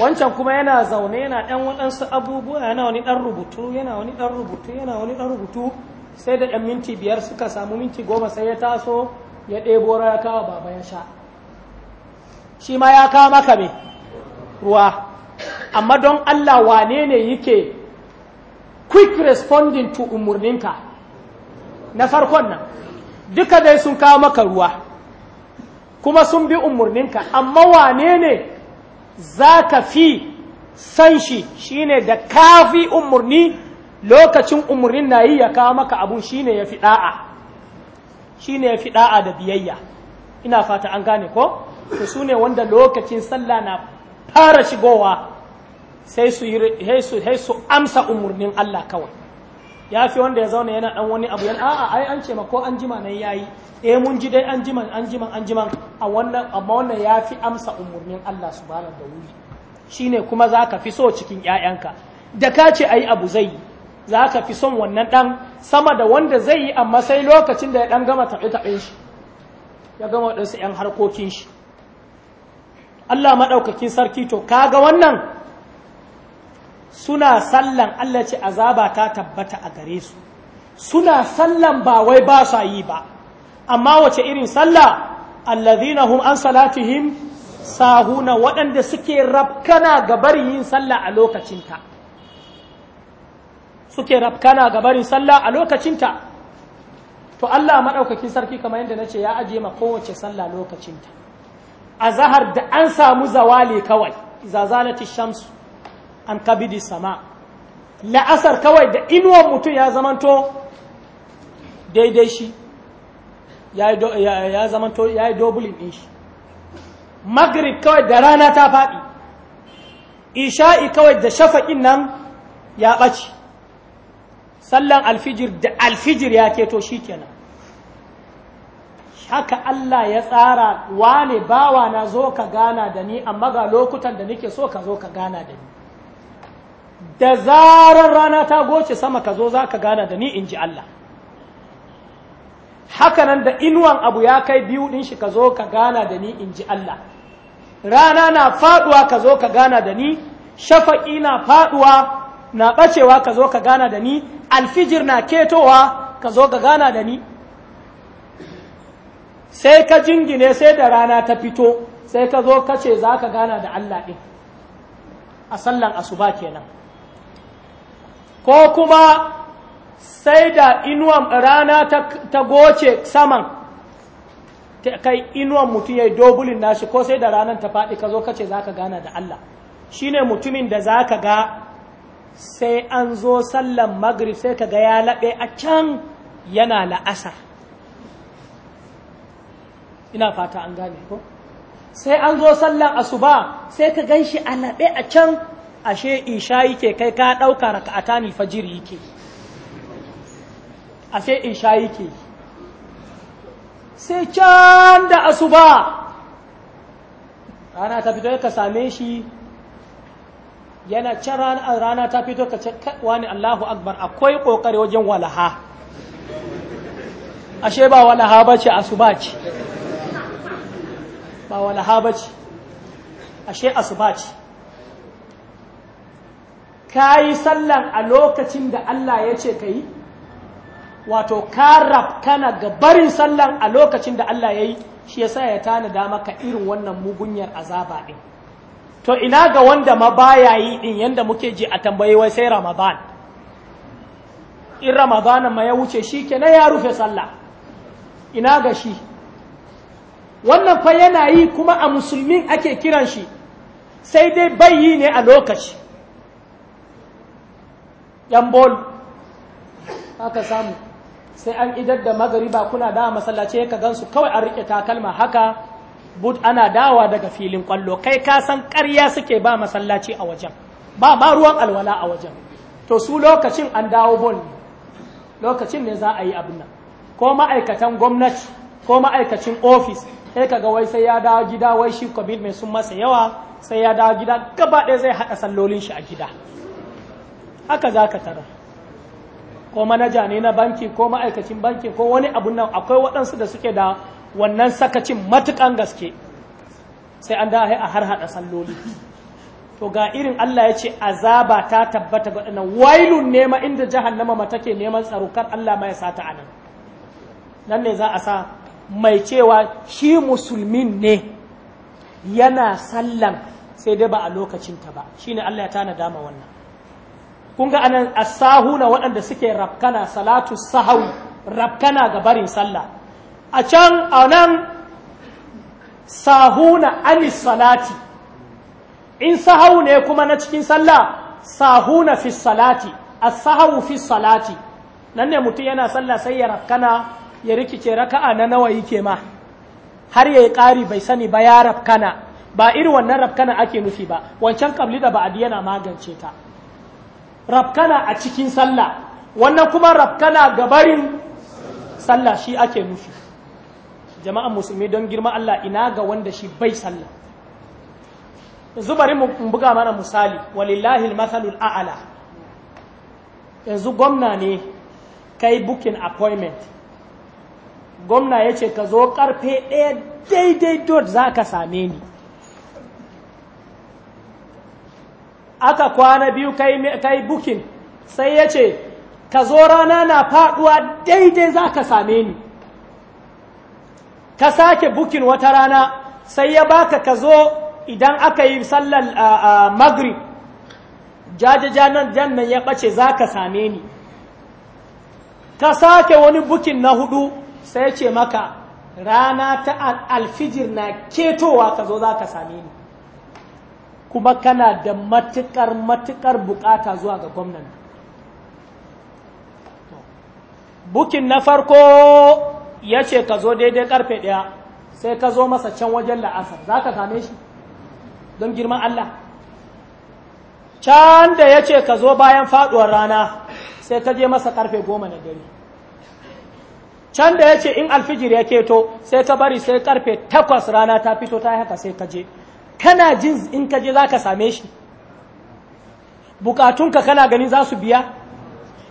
wancan kuma yana zaune yana ɗan waɗansu abubuwa yana wani ɗan rubutu yana wani ɗan rubutu yana wani ɗan rubutu sai da ɗan minti biyar suka samu minti goma sai ya taso ya ɗebo ya kawo baba ya sha shi ma ya kawo maka me ruwa amma don Allah wane ne yake quick responding to umarninka na farkon nan duka dai sun kawo maka ruwa kuma sun bi umarninka amma wane ne za ka fi san shi shine da kafi umarni lokacin umarnin na yi ya kawo maka abun shine ya fi da'a ne ya fi da'a da biyayya ina fata an gane ko su ne wanda lokacin sallah na fara shigowa sai su amsa umarnin Allah kawai ya fi wanda ya zauna yana dan wani abu yana a'a ai an ce ma ko an jima nan yayi eh mun ji dai an jima an jima an jima a wannan amma wannan ya fi amsa umarnin Allah subhanahu da wuri shine kuma zaka fi so cikin ya'yanka da ka ce ai abu zai yi zaka fi son wannan dan sama da wanda zai yi amma sai lokacin da ya dan gama taɓe taɓe shi ya gama waɗansu yan harkokin shi Allah maɗaukakin sarki to kaga wannan suna sallan Allah ce azaba ta tabbata a gare su suna sallan ba wai ba sa yi ba amma wace irin sallah allazina hum an salatihim sahuna waɗanda suke rafkana ga barin yin sallah a lokacinta suke rafkana ga barin sallah a lokacinta to Allah maɗaukakin sarki kamar yadda na ce ya ajiye ma kowace sallah lokacinta a zahar da an samu zawali kawai zazalati shamsu an kabidi sama la'asar kawai da inuwan mutum ya zamanto daidai shi ya zamanto ya yi dobulin ɗin shi magrib kawai da rana ta faɗi isha'i kawai da shafaƙin nan ya ɓaci sallan alfijir da alfijir ya keto shi kenan haka Allah ya tsara wane bawa na zo ka gana da ni amma ga lokutan da nake so ka zo ka gana da ni da zarar rana ta goce sama ka zo za gana da ni in ji Allah hakanan da inuwan abu ya kai biyu ɗin shi ka zo ka gana da ni in ji Allah rana na faɗuwa ka zo ka gana da ni shafaƙi na faɗuwa na ɓacewa ka zo ka gana da ni alfijir na ketowa ka zo ka gana da ni sai ka jingine sai da rana ta fito sai ka zo ka ce za gana da Allah ɗin a sallan asuba kenan ko kuma sai da inuwan rana ta goce saman kai inuwan mutum ya yi dobulin nashi ko sai da ranar ta faɗi ka zo ka za ka gana da Allah shi ne mutumin da za ka ga sai an zo sallan magrib sai ka ga ya laɓe a can yana la'asar ina fata an gane ko sai an zo sallan asuba sai ka gan shi a laɓe a can ashe isha yake kai ka ɗauka raka'ata ni fajiri yake ashe isha yake sai can da asuba rana ta fito ka same shi yana can rana ta fito ka ce wani Allahu Akbar akwai ƙoƙari wajen walaha ashe ba walaha ba ce asuba ce ba walaha ba ce ashe asuba ce ka yi a lokacin da Allah ya ce ka yi wato ka rabkana ga barin sallan a lokacin da Allah ya yi shi ya sa ya tanada maka irin wannan mugunyar azaba ɗin to ina ga wanda ma baya yi ɗin yadda muke ji a tambayi wai sai ramadan in ramadan ma ya wuce shi ke na ya rufe sallah ina ga shi wannan fa yana yi kuma a musulmin ake kiran shi sai dai bai yi ne a lokaci 'yan bol aka samu sai an idar da magariba kuna dawa masallaci ka gan su kawai an rike takalma haka but ana dawa daga filin kwallo kai ka san ƙarya suke ba masallaci a wajen ba ma ruwan alwala a wajen to su lokacin an dawo bol ne lokacin ne za a yi abin nan ko ma'aikatan gwamnati ko ma'aikacin ofis sai kaga wai sai ya dawo gida wai shi kwabil mai sun masa yawa sai ya dawo gida gaba ɗaya zai haɗa sallolin shi a gida haka za ka tara ko manaja ne na banki ko ma'aikacin banki ko wani abun nan akwai waɗansu da suke da wannan sakacin matukan gaske sai an dahai a har haɗa salloli to ga irin Allah ya ce azaba ta tabbata ga waɗannan wailun nema inda jahannama ma take neman tsarukar Allah ma ya sata anan nan ne za a sa mai cewa shi musulmin ne yana sallan sai dai ba a lokacin ta ba shine Allah ya tana dama wannan kun ga anan asahuna waɗanda suke rabkana salatu sahawi rabkana ga barin sallah a can anan sahuna anis salati in sahau ne kuma na cikin sallah sahuna fi salati asahawu fi salati nan ne mutum yana sallah sai ya rabkana ya rikice raka'a na nawa yake ma har ya yi ƙari bai sani ba ya rabkana ba irin wannan rabkana ake nufi ba wancan kabli da ba'adi yana magance ta rafkana a cikin sallah wannan kuma rafkana gabarin sallah shi ake nufi jama'an musulmi don girma Allah ina ga wanda shi bai sallah yanzu bari mu buga mana misali walillahi masalul a'la yanzu gwamna ne kai booking appointment gwamna yace ce ka zo karfe ɗaya daidai dot za same ni aka kwana biyu kai bukin sai ya ce ka zo rana na faɗuwa daidai za ka same ni ka sake bukin wata rana sai ya baka ka zo idan aka yi sallar magrib jajajanar nan ya bace za ka same ni ka sake wani bukin na hudu sai ce maka rana ta alfijir na ketowa ka zo za ka same ni kuma kana da matukar matukar bukata zuwa ga gwamnan bukin na farko ya ce ka zo daidai karfe ɗaya sai ka zo masa can wajen la'asar za ka same shi don girman Allah can da ya ce ka zo bayan faduwar rana sai ka je masa karfe goma na dare can da ya ce in alfijir ya keto sai ka bari sai karfe takwas rana ta fito ta haka sai ka je kana jin in kaje je za ka same shi bukatunka kana gani za su biya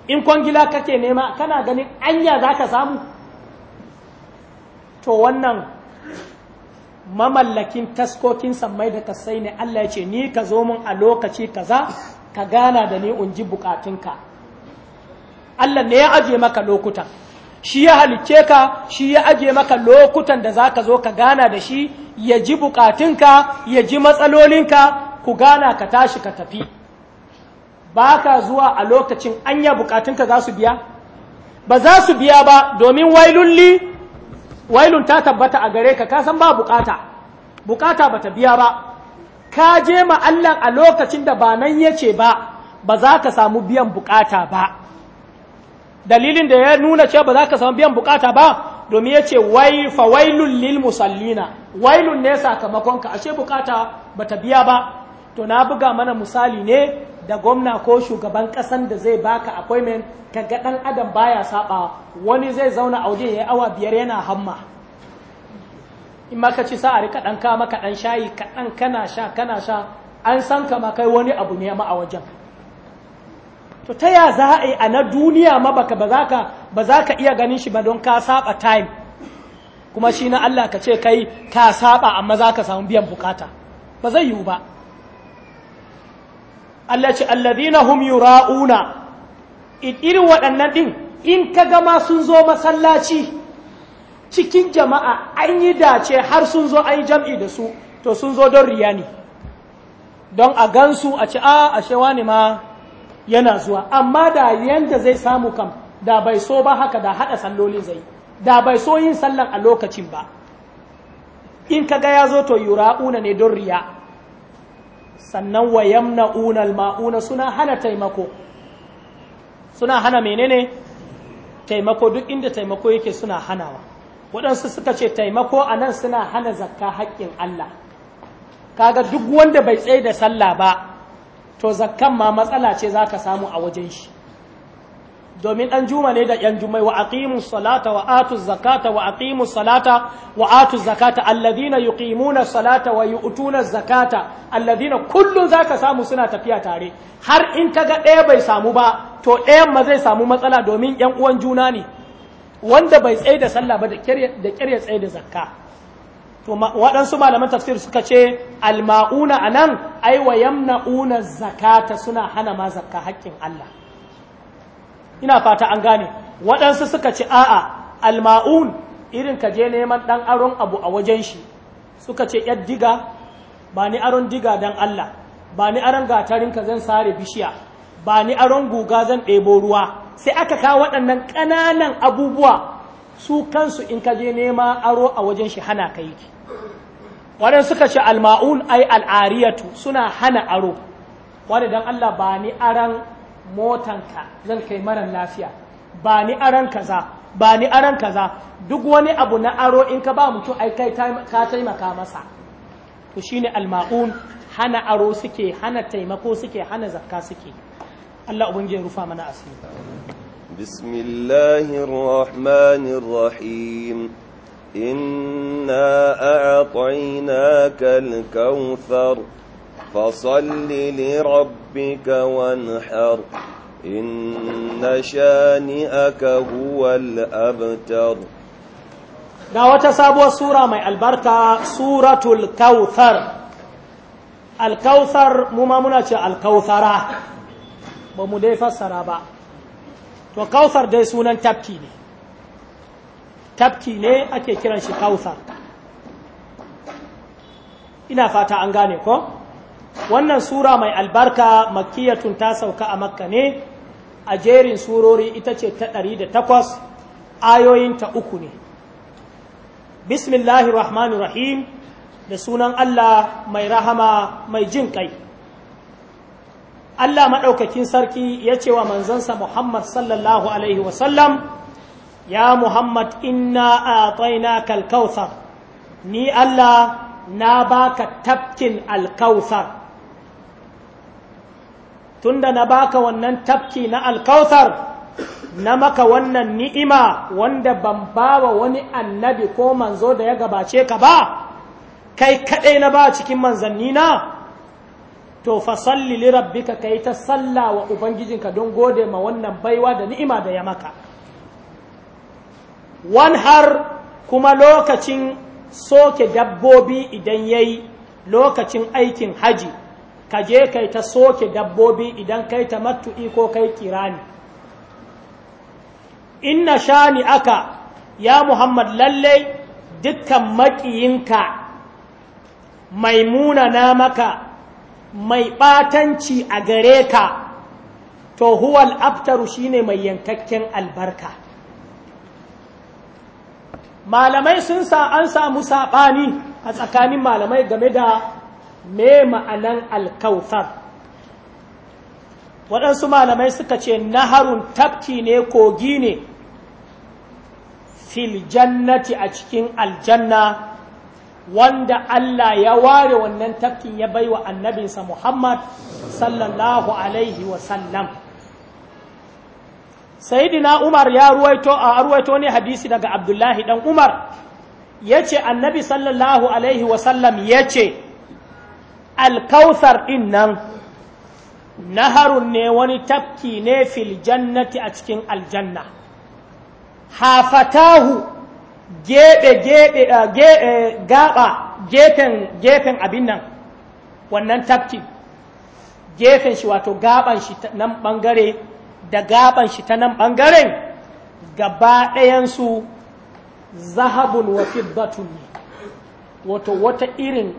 in kwangila kake nema kana ganin anya za ka samu to wannan mamallakin taskokin sammai da kasai ne Allah ya ce ni ka zo mun a lokaci kaza ka gana da ni in ji bukatunka Allah ne ya aje maka lokutan shi ya halicce ka shi ya aje maka lokutan da za ka zo ka gana da shi ya ji bukatunka ya ji matsalolinka ku gana ka tashi ka tafi ba ka zuwa a lokacin anya bukatunka za su biya ba za su biya ba domin wailulli wailun ta tabbata a gare ka kasan ba bukata bukata ba ta biya ba ka je ma Allah a lokacin da ba nan ya ce ba ba za ka samu biyan bukata ba dalilin da ya nuna cewa ba za ka samu biyan bukata ba domin ya ce fawailun wailun lil musallina wailun ne sakamakon ka ashe bukata ba ta biya ba to na buga mana misali ne da gwamna ko shugaban kasan da zai baka appointment ka ga dan adam baya saba wani zai zauna a waje yayi awa biyar yana hamma in ma ka ci sa'a rika dan ka maka dan shayi ka dan kana sha kana sha an san ka ma kai wani abu ne ma a wajen to ta ya za a yi a na duniya ma ba za ka iya ganin shi ba don ka saba time kuma shi na Allah ka ce kai ka saba amma za ka samu biyan bukata ba zai yiwu ba Allah ce alladhina hum yura'una irin waɗannan ɗin in ka gama sun zo masallaci cikin jama'a an yi dace har sun zo an yi jam'i da su to sun zo don riya ne don a gansu a ce a ah, ashe wani ma yana zuwa amma da yanda zai samu kam da bai so ba haka da hada sallolin zai da bai so yin sallan a lokacin ba in kaga ya zo to yura'una ne don riya sannan wa yamna'una ma'una suna hana taimako suna hana menene taimako duk inda taimako yake suna hanawa waɗansu suka ce taimako a nan suna hana zakka haƙƙin Allah kaga duk wanda bai tsaye da sallah ba to zakkan ma matsala ce za ka samu a wajen shi domin ɗan juma ne da yanjumai jumai wa aqimu salata wa atu zakata wa aqimu salata wa atu zakata alladhina yuqimuna salata wa yu'tuna zakata alladhina kullun zaka samu suna tafiya tare har in kaga ɗaya bai samu ba to ɗayan ma zai samu matsala domin ‘yan uwan juna ne wanda bai tsaye da sallah ba da ƙyar ya tsaye da zakka to waɗansu malaman tafsir suka ce alma'una a nan ai wa yamna'una zakata suna hana ma zakka haƙƙin Allah ina fata an gane waɗansu suka ce a'a alma'un irin ka je neman ɗan aron abu a wajen shi suka ce ‘yar diga ba ni aron diga don Allah ba ni aron ka zan sare bishiya ba ni aron guga zan ɗebo ruwa sai aka kawo waɗannan ƙananan abubuwa su kansu in ka je nema aro a wajen shi hana ka yi wadanda suka ce alma'un ai al'ariyatu suna hana aro wadda don Allah ba ni aran motanka zan kai mara lafiya ba ni aran kaza ba ni aran kaza duk wani abu na aro in ka ba mutum ai kai ka taimaka masa to shine alma'un hana aro suke hana taimako suke hana zakka suke Allah ubangiji rufa mana asiri بسم الله الرحمن الرحيم إنا أعطيناك الكوثر فصل لربك وانحر إن شانئك هو الأبتر da wata sabuwar sura mai albarka suratul kauthar alkauthar mu muna ce alkauthara ba mu dai fassara ba to kausar dai sunan tafki ne tafki ne ake kiran shi kausar ina fata an gane ko wannan sura mai albarka makiyatun ta sauka a makka ne a jerin surori ita ce ta 108 ayoyinta uku ne bismillahirrahmanirrahim da sunan allah mai rahama mai jin kai Allah maɗaukakin sarki ya ce wa manzansa Muhammad sallallahu Alaihi wasallam, Ya Muhammad inna a kalkausar ni Allah na baka tafkin alkausar Tunda na baka wannan tafki na alkausar na maka wannan ni'ima wanda ban bawa wani annabi ko manzo da ya gabace ka ba, kai kaɗai na ba cikin manzannina. to fa salli li rabbika kai ta salla wa ubangijinka don gode ma wannan baiwa da ni'ima da ya maka Wan har kuma lokacin soke dabbobi idan yayi lokacin aikin haji ka je kai ta soke dabbobi idan kai ta matu'i ko kai kirani inna shani aka ya muhammad lallai dukkan maƙiyinka maimuna na maka mai ɓatanci a gare ka to huwal aftaru shine mai yankakken albarka malamai sun sa an samu saɓani a tsakanin malamai game da me ma'anan alkautar waɗansu malamai suka ce naharun tafki ne kogi ne fil jannati a cikin aljanna wanda Allah ya ware wannan tafkin ya baiwa annabinsa Muhammad sallallahu alaihi wasallam Sayyidina Umar ya ruwaito a ruwaito ne hadisi daga Abdullahi dan Umar yace annabi sallallahu alaihi wasallam yace alkausar din nan naharun ne wani tafki ne fil jannati a cikin aljanna hafatahu gebe gebe ah, eh, gaba gefen gefen abin nan wannan tafki gefen shi wato gaban shi ta nan bangare da gaban shi ta nan bangaren gaba su zahabun wa fiddatun wato wata irin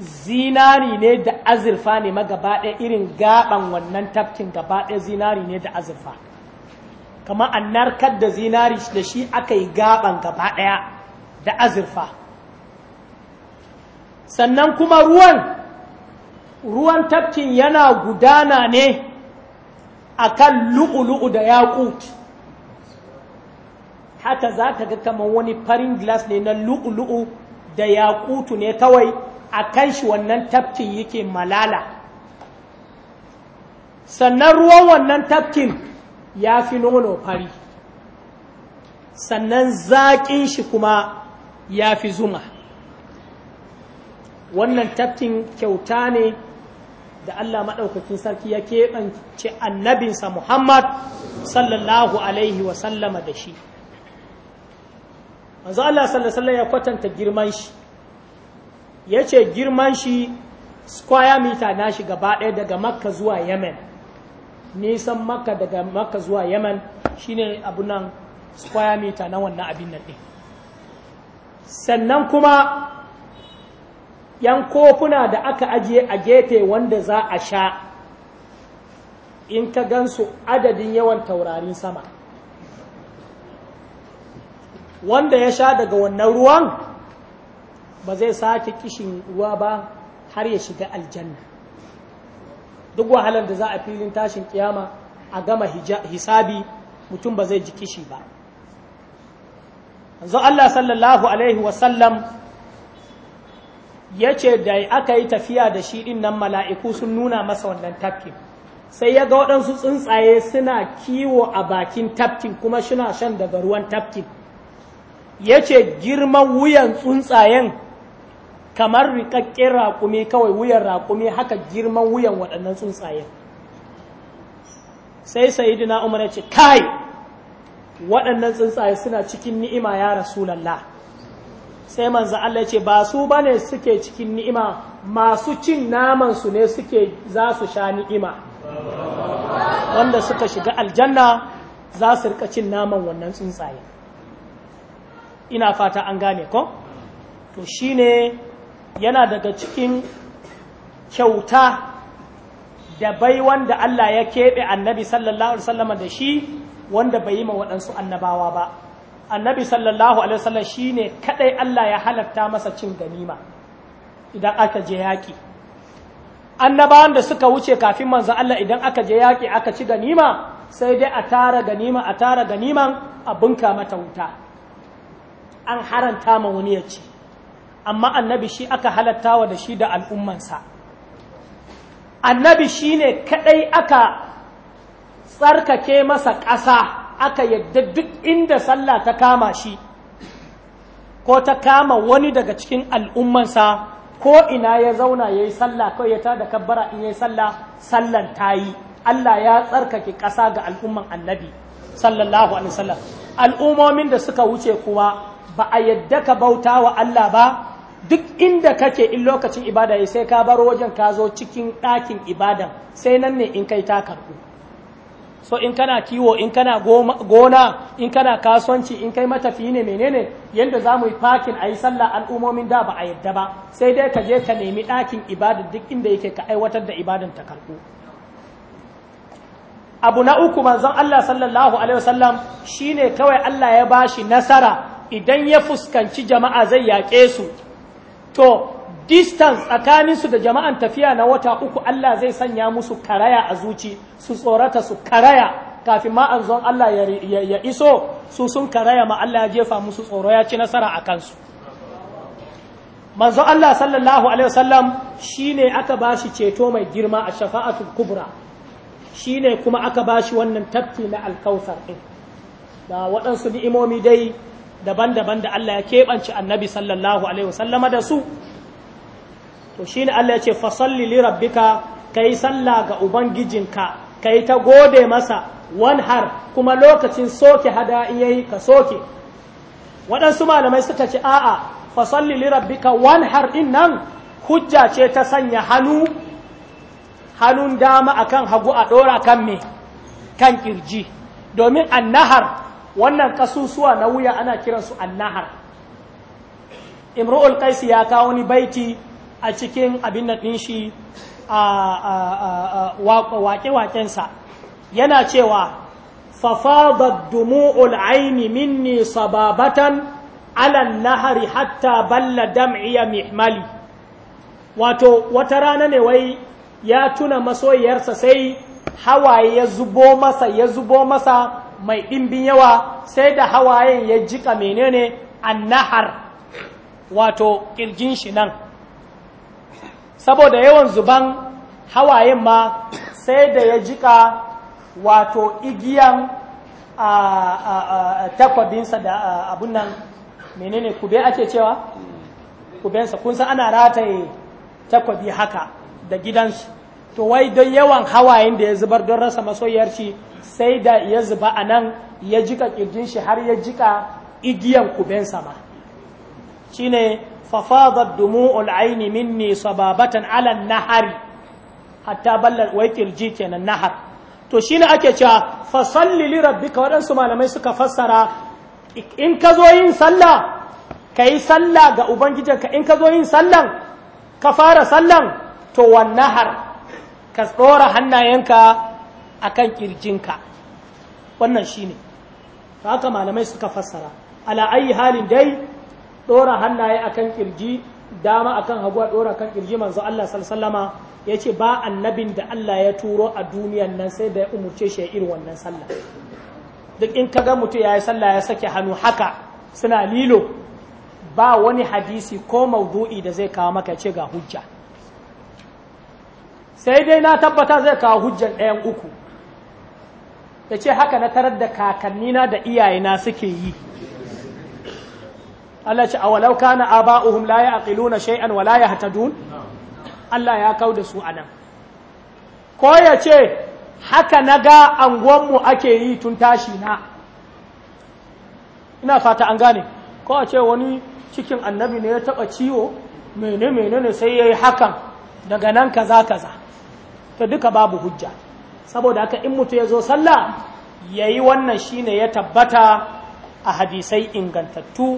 zinari ne da azurfa ne ma ɗaya irin gaban wannan tafkin gaba ɗaya zinari ne da azurfa kama an narkar da zinari da shi aka yi gaban gaba ɗaya da azurfa sannan kuma ruwan ruwan tafkin yana gudana ne a kan lu'ulu'u da yaƙut haka za ka ga kamar wani farin glass ne na lu'ulu'u da yaƙutu ne kawai a kan shi wannan tafkin yake malala sannan ruwan wannan tafkin ya fi nono fari sannan zaƙin shi kuma ya fi zuma wannan tafkin kyauta ne da Allah maɗaukakin sarki ya keɓance annabinsa Muhammad sallallahu Alaihi wasallama da shi. Manzo Allah sallallahu ya kwatanta girman shi, ya ce girman shi square mita na shi gaba ɗaya daga Makka zuwa Yemen. nisan maka daga maka zuwa yaman shine abu nan square meter na wannan abin nan ɗin sannan kuma yan kofuna da aka ajiye a gefe wanda za a sha in ka gansu adadin yawan taurarin sama wanda ya sha daga wannan ruwan ba zai sake kishin ruwa ba har ya shiga aljanna duk wahalar da za a filin tashin kiyama a gama hisabi mutum ba zai ji kishi ba zo Allah sallallahu alaihi wasallam ya ce da aka yi tafiya da shi ɗin nan mala'iku sun nuna masa wannan tafkin sai ya ga waɗansu tsuntsaye suna kiwo a bakin tafkin kuma suna shan daga ruwan tafkin ya ce girman wuyan tsuntsayen kamar rikakken raƙumi kawai wuyan raƙumi haka girman wuyan waɗannan tsuntsayen sai sayidina umar ya ce kai waɗannan tsuntsaye suna cikin ni'ima ya rasu lalla sai manzo Allah ce ba su bane suke cikin ni'ima masu cin naman su ne suke za su sha ni'ima wanda suka shiga aljanna za su rika cin naman wannan tsuntsaye ina fata an gane ko to shine yana daga cikin kyauta da bai wanda Allah ya keɓe annabi sallallahu alaihi wasallam da shi wanda bai yi ma waɗansu annabawa ba annabi sallallahu alaihi wasallam ne kadai Allah ya halatta masa cin ganima idan aka je yaƙi annabawan da suka wuce kafin manzo Allah idan aka je yaƙi aka ci ganima sai dai a tara ganima a tara ganiman a bunka mata wuta an haranta ma wani ya ci amma annabi shi aka halattawa da shi da al'ummansa annabi shi ne kaɗai aka tsarkake masa ƙasa aka yadda duk inda sallah ta kama shi ko ta kama wani daga cikin al'ummansa ko ina ya zauna ya yi sallah ko ya da kabbara in ya yi sallah sallan ta yi Allah ya tsarkake ƙasa ga al'umman annabi sallallahu alaihi sallam al'ummomin da suka wuce kuma ba a yadda ka bauta wa Allah ba duk inda kake in lokacin ibada ya sai ka bar wajen ka zo cikin ɗakin ibadan sai nan ne in kai ta so in kana kiwo in kana gona in kana kasuwanci in kai matafi ne menene yadda za mu yi fakin a yi sallah al'ummomin da ba a yadda ba sai dai ka je ka nemi ɗakin ibadan duk inda yake ka aiwatar da ibadan ta abu na uku manzon Allah sallallahu alaihi wasallam shine kawai Allah ya bashi nasara idan ya fuskanci jama'a zai yaƙe su to distance tsakaninsu da jama'an tafiya na wata uku Allah zai sanya musu karaya a zuci su tsorata su karaya kafin ma anzon Allah ya iso su sun karaya ma Allah ya jefa musu tsoro ya ci nasara a kansu manzon Allah sallallahu alaihi wasallam shine aka bashi ceto mai girma a shafa'atul kubra shine kuma aka bashi wannan tafki na alkausar din da waɗansu ni'imomi dai daban-daban da Allah ya keɓance annabi sallallahu alaihi wasallama da su to shi ne Allah ya ce fasalli li rabbika ka yi sallah ga ubangijinka ka yi ta gode masa wanhar kuma lokacin soke hada yayi ka soke waɗansu malamai suka ce a'a fasalli li rabbika wanhar In nan hujja ce ta sanya hannu hannun dama akan hagu a ɗora kan me kan ƙirji domin annahar wannan kasusuwa na wuya ana kiransu annahar imru'ul qaisi ya kawo wani baiti a cikin abin nan din shi a wake-wakensa yana cewa fafadat dumu'ul aini minni sababatan ala nahari hatta balla dam'iya mihmali wato wata rana ne wai ya tuna masoyiyarsa sai hawaye ya zubo masa ya zubo masa mai ɗimbin yawa sai da hawayen ya jika menene annahar wato ƙirjin shi nan saboda yawan zuban hawayen ma sai da ya jika wato igiyan takwabinsa da abun nan menene kube ake cewa kubensa kun ana rataye takwabi haka da gidansu to wai don yawan hawayen da ya zubar don rasa masoyiyar shi sai da ya zuba a nan ya jika kirjin shi har ya jika igiyan kuben sama shine fafadat dumu'ul aini minni sababatan ala nahari hatta ballal wai kirji kenan nahar to shine ake cewa fasalli li rabbika waɗansu malamai suka fassara in ka zo yin sallah ka yi sallah ga ubangijinka in ka zo yin sallan ka fara sallan to wannan har ka tsora hannayenka a kan ƙirjinka wannan shi ne haka malamai suka fassara ala halin dai ɗora hannaye a kan ƙirji dama akan haguwa a ɗora kan ƙirji manzo Allah sallama ya ce ba annabin da Allah ya turo a duniyan nan sai da ya umurce shi ya irin wannan sallah duk in ka ga mutum ya yi sallah ya sake hannu haka suna lilo ba wani hadisi ko maudu'i da zai kawo maka ce ga hujja sai dai na tabbata zai kawo hujjar ɗayan uku ya ce haka na tarar da kakannina da iyayena suke yi Allah ce a na laye a ƙilu na shai'an wa hata dun Allah ya kau da su anan ko ya ce haka na ga angonmu ake yi tun tashi na ina fata an gane ko a ce wani cikin annabi ne ya taba ciwo mene mene ne sai yayi hakan daga nan kaza kaza to duka babu hujja saboda haka in mutu ya zo sallah ya yi wannan shine ya tabbata a hadisai ingantattu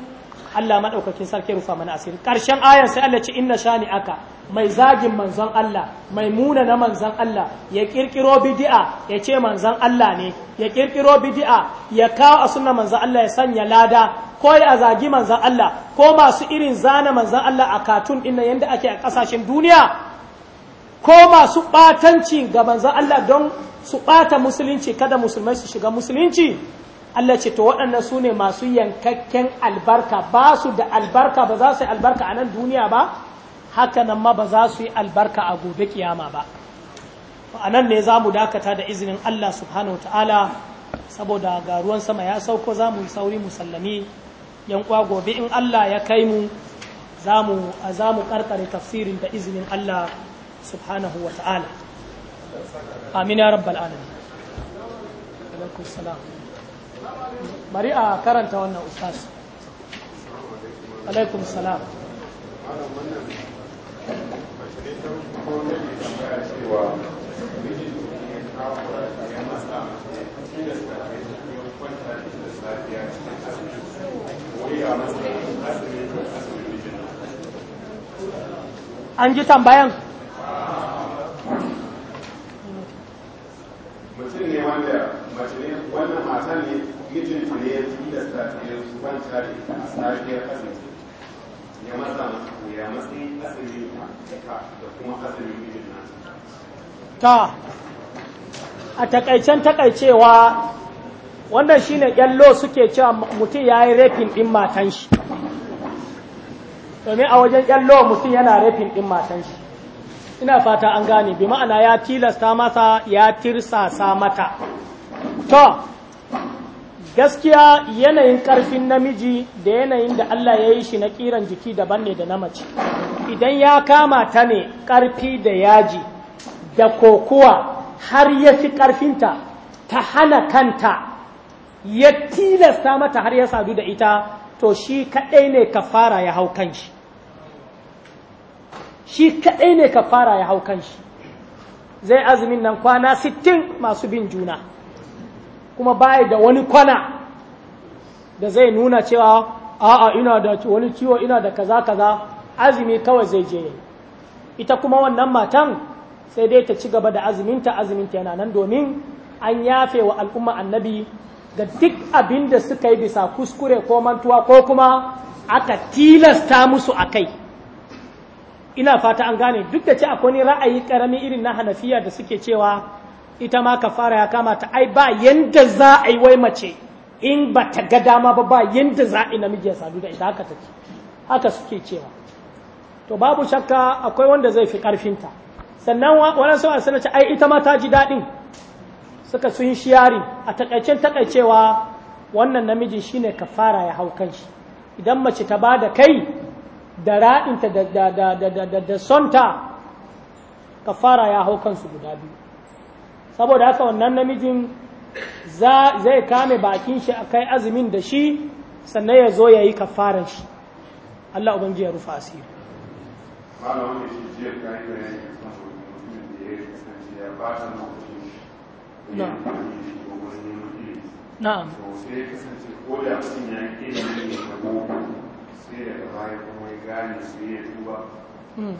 Allah maɗaukakin sarki rufa mana asiri ƙarshen ayan sai Allah ce inna shani aka mai zagin manzon Allah mai muna na manzon Allah ya kirkiro bidi'a ya ce manzon Allah ne ya kirkiro bidi'a ya kawo a sunna manzon Allah ya sanya lada ko ya zagi manzon Allah ko masu irin zana manzon Allah a katun ɗin yanda ake a ƙasashen duniya ko masu ɓatanci ga manzan Allah don su ɓata musulunci kada musulmai su shiga musulunci Allah ce to waɗannan su ne masu yankakken albarka ba su da albarka ba za su yi albarka a nan duniya ba haka nan ma ba za su yi albarka a gobe kiyama ba a nan ne za mu dakata da izinin Allah subhanahu ta'ala saboda ga ruwan sama ya sauko za mu yi sauri musallami yan kwa gobe in Allah ya kai mu za mu karkare tafsirin da izinin Allah سبحانه وتعالى آمين يا رب العالمين عليكم السلام مريئة كرنت وانا أستاذ عليكم السلام أنجي تنبايان mutum ne wanda mace ne wannan mata ne mijinta ne ya tilasta da ya kwanta da a safiyar asibiti ya matsa masu ya matsayin asibitin ta da kuma asibitin mijin na ta a takaicen takaicewa wannan shine kyallo suke cewa mutum ya yi rafin ɗin matan shi domin a wajen kyallo mutum yana rafin ɗin matan shi ina fata an gane bi ma'ana ya tilasta masa ya tirsasa mata to gaskiya yanayin karfin namiji da yanayin da Allah ya yi shi na kiran jiki daban ne da na mace idan ya kama ta ne karfi da yaji da kokuwa har ya fi karfinta ta hana kanta ya tilasta mata har ya sadu da ita to shi kaɗai ne ka fara ya hau kan shi shi kaɗai ne ka fara ya hau shi zai azumin nan kwana sittin masu bin juna kuma baya da wani kwana da zai nuna cewa a'a ina da wani ciwo ina da kaza kaza azumi kawai zai je ita kuma wannan matan sai dai ta ci gaba da azuminta azuminta yana nan domin an yafe wa al'umma annabi ga duk abin da suka yi bisa kuskure ko mantuwa ko kuma aka tilasta musu a kai ina fata an gane duk da ce akwai ra'ayi karami irin na hanafiya da suke cewa ita ma ka fara ya kamata ai ba yanda za a yi wai mace in ba ta ga dama ba ba yanda za a yi namiji ya sadu da ita haka take haka suke cewa to babu shakka akwai wanda zai fi karfinta sannan wani sau a sanace ai ita ma ta ji daɗin suka sun shiyari a takaicen takaicewa wannan namiji shine fara ya hau kanshi idan mace ta ba da kai da ra'inta da sonta kafara ya hau kansu guda biyu saboda haka wannan namijin zai kame bakin shi a kai azumin da shi sannan ya zo ya yi kafaran shi Allah ubangiji ya rufa asiri na'am sai ya kasance ko da mutum ya yi ilimi da boko sai ya bayan Hmm.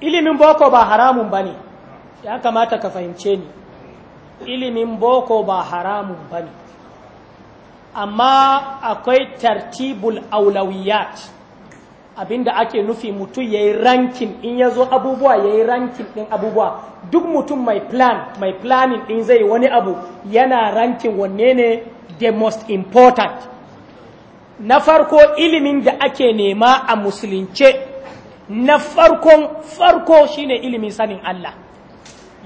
ilimin boko ba haramun ba ne ya kamata ka fahimce ni ilimin boko ba haramun ba ne amma akwai tartibul aulawiyat abinda ake nufi mutum ya yi rankin in ya zo abubuwa ya yi rankin ɗin abubuwa duk mutum mai plan mai planning ɗin zai wani abu yana rankin wanne ne the most important na farko ilimin da ake nema a musulunce na farkon farko shine ilimin sanin Allah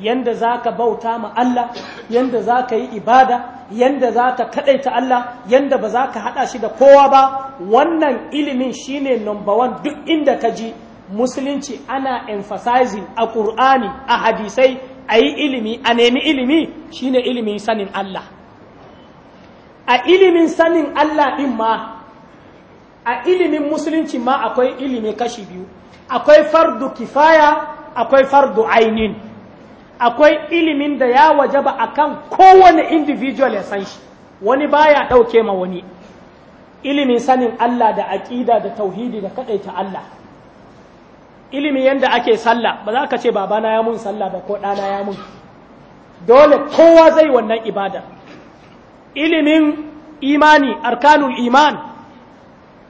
yanda za ka bauta ma Allah yanda za ka yi ibada yanda za ka ta Allah yanda ba za ka haɗa shi da kowa ba wannan ilimin shine number one duk inda ka ji musulunci ana emphasizing a ƙur'ani a hadisai a yi ilimi a nemi ilimi shine ilimin sanin Allah a ilimin sanin Allah din ma a ilimin musulunci ma akwai ilimi kashi biyu akwai fardu kifaya akwai fardu ainin akwai ilimin da ya waje ba a kan kowane individual ya san shi wani baya ɗauke ma wani ilimin sanin Allah da aƙida da tauhidi da kaɗaita Allah ilimin yadda ake sallah ba za ka ce babana ya mun sallah ba ko ɗana ya mun dole kowa zai wannan ibada ilimin imani arkanul iman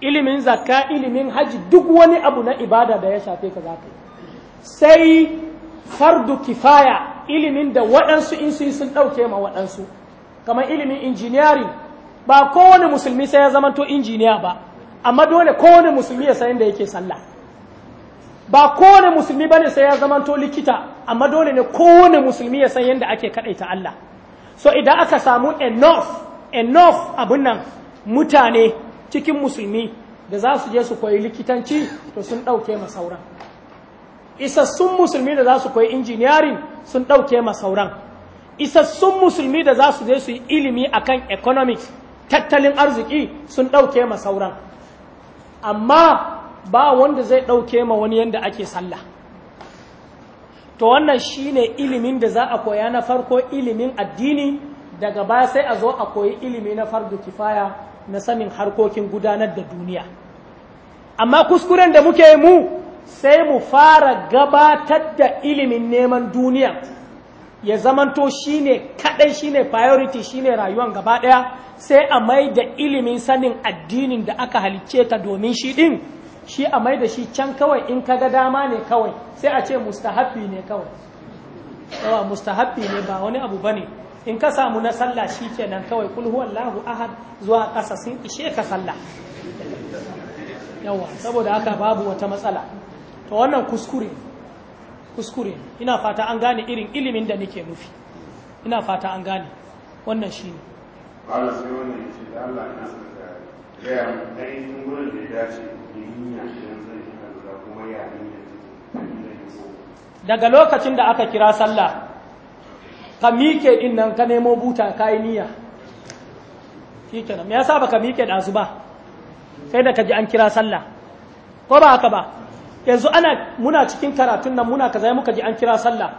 ilimin zakka ilimin haji duk wani abu na ibada da ya shafe ka zaka yi sai fardu kifaya ilimin da waɗansu in sun sun ɗauke ma waɗansu kamar ilimin injiniyari ba kowane musulmi sai ya zama to injiniya ba amma dole kowane musulmi ya san da yake sallah ba kowane musulmi bane sai ya zama to likita amma dole ne kowane musulmi ya san yadda ake kaɗaita Allah so idan aka samu enough enough abun nan mutane cikin musulmi da za su je su koyi likitanci to sun ɗauke ma isassun musulmi da za su koyi injiniyarin sun ɗauke ma sauran isassun musulmi da za su je su yi ilimi a kan economics tattalin arziki sun ɗauke ma sauran amma ba wanda zai ɗauke ma wani yadda ake sallah to wannan shi ne ilimin da za a koya na farko ilimin addini daga baya sai a zo a koyi ilimi na fardu kifaya na sanin harkokin gudanar da duniya amma kuskuren da muke mu sai mu fara gabatar da ilimin neman duniya ya zamanto shine kadai shine priority shine rayuwan gaba daya sai a mai da ilimin sanin addinin da aka halicce ta domin shi ɗin. shi a mai da shi can kawai in ka ga dama ne kawai sai a ce mustahabbi ne kawai yawa mustahabbi ne ba wani abu bane in ka samu na sallah shi ke nan kawai kul huwallahu ahad zuwa ƙasa sun ishe ka sallah yawa saboda haka babu wata matsala ta wannan kuskure kuskure ina fata an gane irin ilimin da nake nufi ina fata an gane wannan shi ne sai da ya dace yin zai kuma ya daga lokacin da aka kira sallah ka miƙe din nan ka nemo buta ka yi niyya me yasa baka miƙe ɗazu ba sai da kaji an kira sallah ko ba haka ba yanzu ana muna cikin karatun nan muna kaza muka ji an kira sallah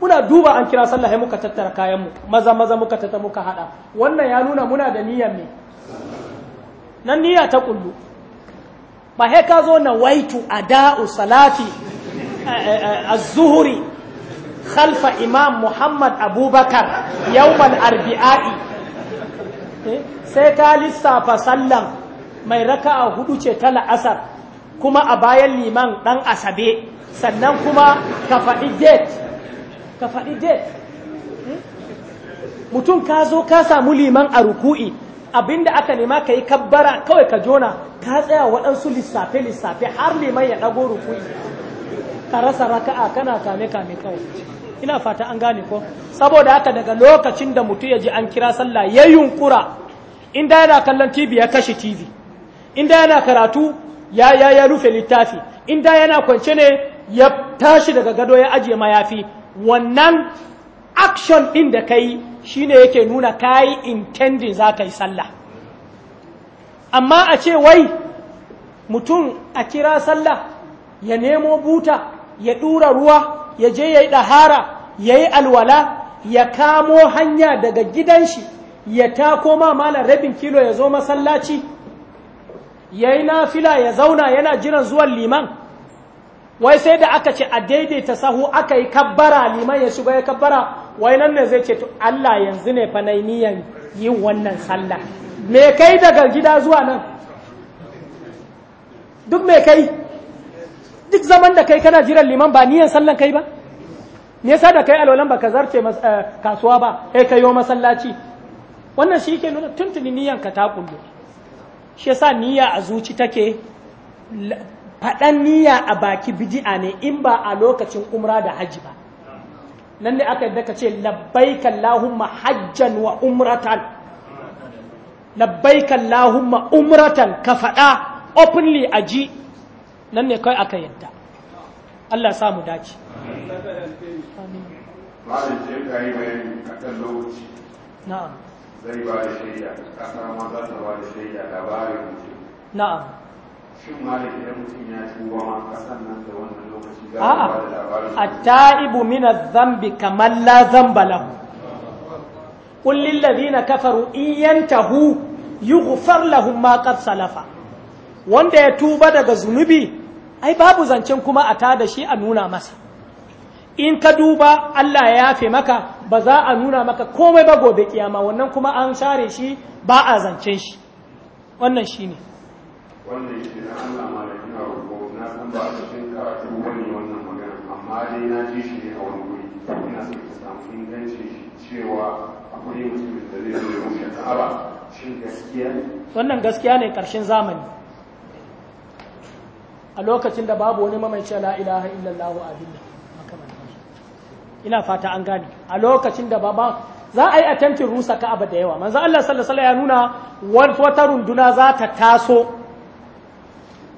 muna duba an kira sallah sai muka tattara kayan mu maza maza muka tata muka hada wannan ya nuna muna da niyyar me nan niyya ta kullu ba he ka zo na waitu ada'u salati eh, eh, eh, az-zuhri Salfa imam muhammad abubakar yawmal arbi'a'i sai ka lissafa sallan mai raka'a hudu ce ta la'asar kuma a bayan liman dan asabe sannan kuma ka faɗi date ka faɗi date mutum ka zo ka samu liman a ruku'i abinda aka nema ka yi kabbara kawai ka jona ka tsaya waɗansu lissafe-lissafe har liman ya ɗago ruku'i ka rasa raka'a kana kame kame kawai ina fata an gane ko saboda haka daga lokacin da mutum ya ji an kira sallah ya yunkura inda yana kallon tv ya kashe tv inda yana karatu ya ya ya rufe littafi inda yana kwance ne ya tashi daga gado ya ajiye mayafi wannan action din da kai shine yake nuna kai intending za ka yi sallah amma a ce wai mutum a kira sallah ya nemo buta ya ɗura ruwa ya je ya yi ɗahara ya yi alwala ya kamo hanya daga gidan shi ya tako ma malar rabin kilo ya zo masallaci ya yi nafila ya zauna yana jiran zuwan liman wai sai da aka ce a daidaita sahu aka yi kabbara liman ya shiga ya kabbara wai nan ne zai ce to Allah yanzu ne fa na niyan yin wannan sallah me kai daga gida zuwa nan duk me kai duk zaman da kai kana jiran liman ba niyan sallan kai ba me yasa da kai alwalan ba ka zarce eh, kasuwa ba kai eh, kayo masallaci wannan shi ke nuna tuntuni niyan ka ta kullu shi yasa niyya a zuci take faɗan niyya a baki bid'a ne in ba a lokacin umra da haji ba nan ne aka yadda ka ce labbaika Allahumma hajjan wa umratan labbaika Allahumma umratan ka faɗa openly a ji nan ne kawai aka yadda Allah samu dace na'am zai ba da shaida kasar ma za ta ba da shaida labarin mutum na'am shin malik idan mutum ya ci uwa ma kasan nan da wannan lokaci za ta ba da labarin a taibu min adh-dhanbi kaman la dhanba lahu qul lil ladina kafaru in yantahu yughfar lahum ma qad salafa wanda ya tuba daga zunubi ai babu zancen kuma a tada shi a nuna masa in ka duba Allah ya yafe maka ba za a nuna maka komai ba gobe kiyama wannan kuma an share shi ba a zancen shi wannan shi ne wannan shi na Allah malamin na roƙo na san ba a cikin karatu wani wannan magana amma dai na ji shi ne a wani wuri ina so ka mun inganci cewa akwai mutumin da zai zo ya wuce ta'aba shin gaskiya ne wannan gaskiya ne ƙarshen zamani a lokacin da babu wani mamaice la ilaha illallahu abinda ina fata an gane a lokacin da baba za a yi attempting rusa ka'aba da yawa manzo Allah sallallahu alaihi ya nuna wata runduna za ta taso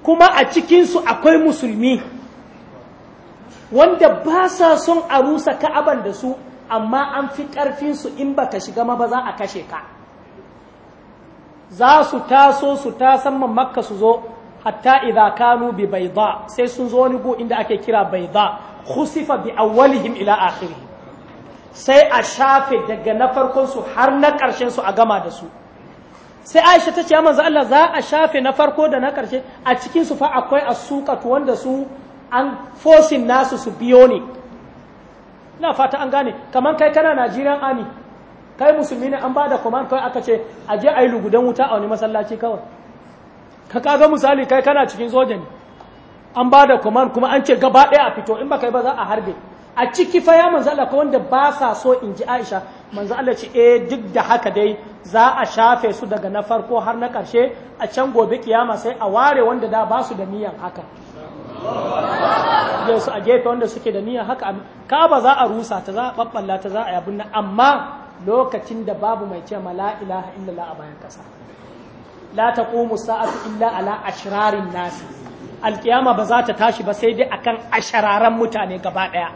kuma a cikin su akwai musulmi wanda ba sa son a rusa ka'aban da su amma an fi karfin su in baka shiga ma ba za a kashe ka za su taso su tasan makka su zo hatta idza kanu bi bayda sai sun zo wani go inda ake kira bayda khusifa bi awwalihim ila akhirih sai a shafe daga na farkon su har na karshen su a gama da su sai Aisha ta ce manzo Allah za a shafe na farko da na karshe a cikin su fa akwai asuqatu wanda su an fosin nasu su biyo ne ina fata an gane kaman kai kana Najeriyan ami kai musulmi ne an bada command kai aka ce aje ayi lugudan wuta a wani masallaci kawai ka kaga misali kai kana cikin soja ne an ba da kuma an ce gaba ɗaya a fito in ba kai ba za a harbe a ciki fa ya manzo ko wanda ba sa so in ji Aisha manzo Allah ce eh duk da haka dai za a shafe su daga na farko har na karshe a can gobe kiyama sai a ware wanda da ba su da niyan haka je su a gefe wanda suke da niyan haka ka ba za a rusa ta za a babballa ta za a na amma lokacin da babu mai ce ma la ilaha illallah a bayan kasa la taqumu sa'atu illa ala ashrarin nas alƙiyama ba za ta tashi ba sai dai akan ashararan mutane gaba ɗaya.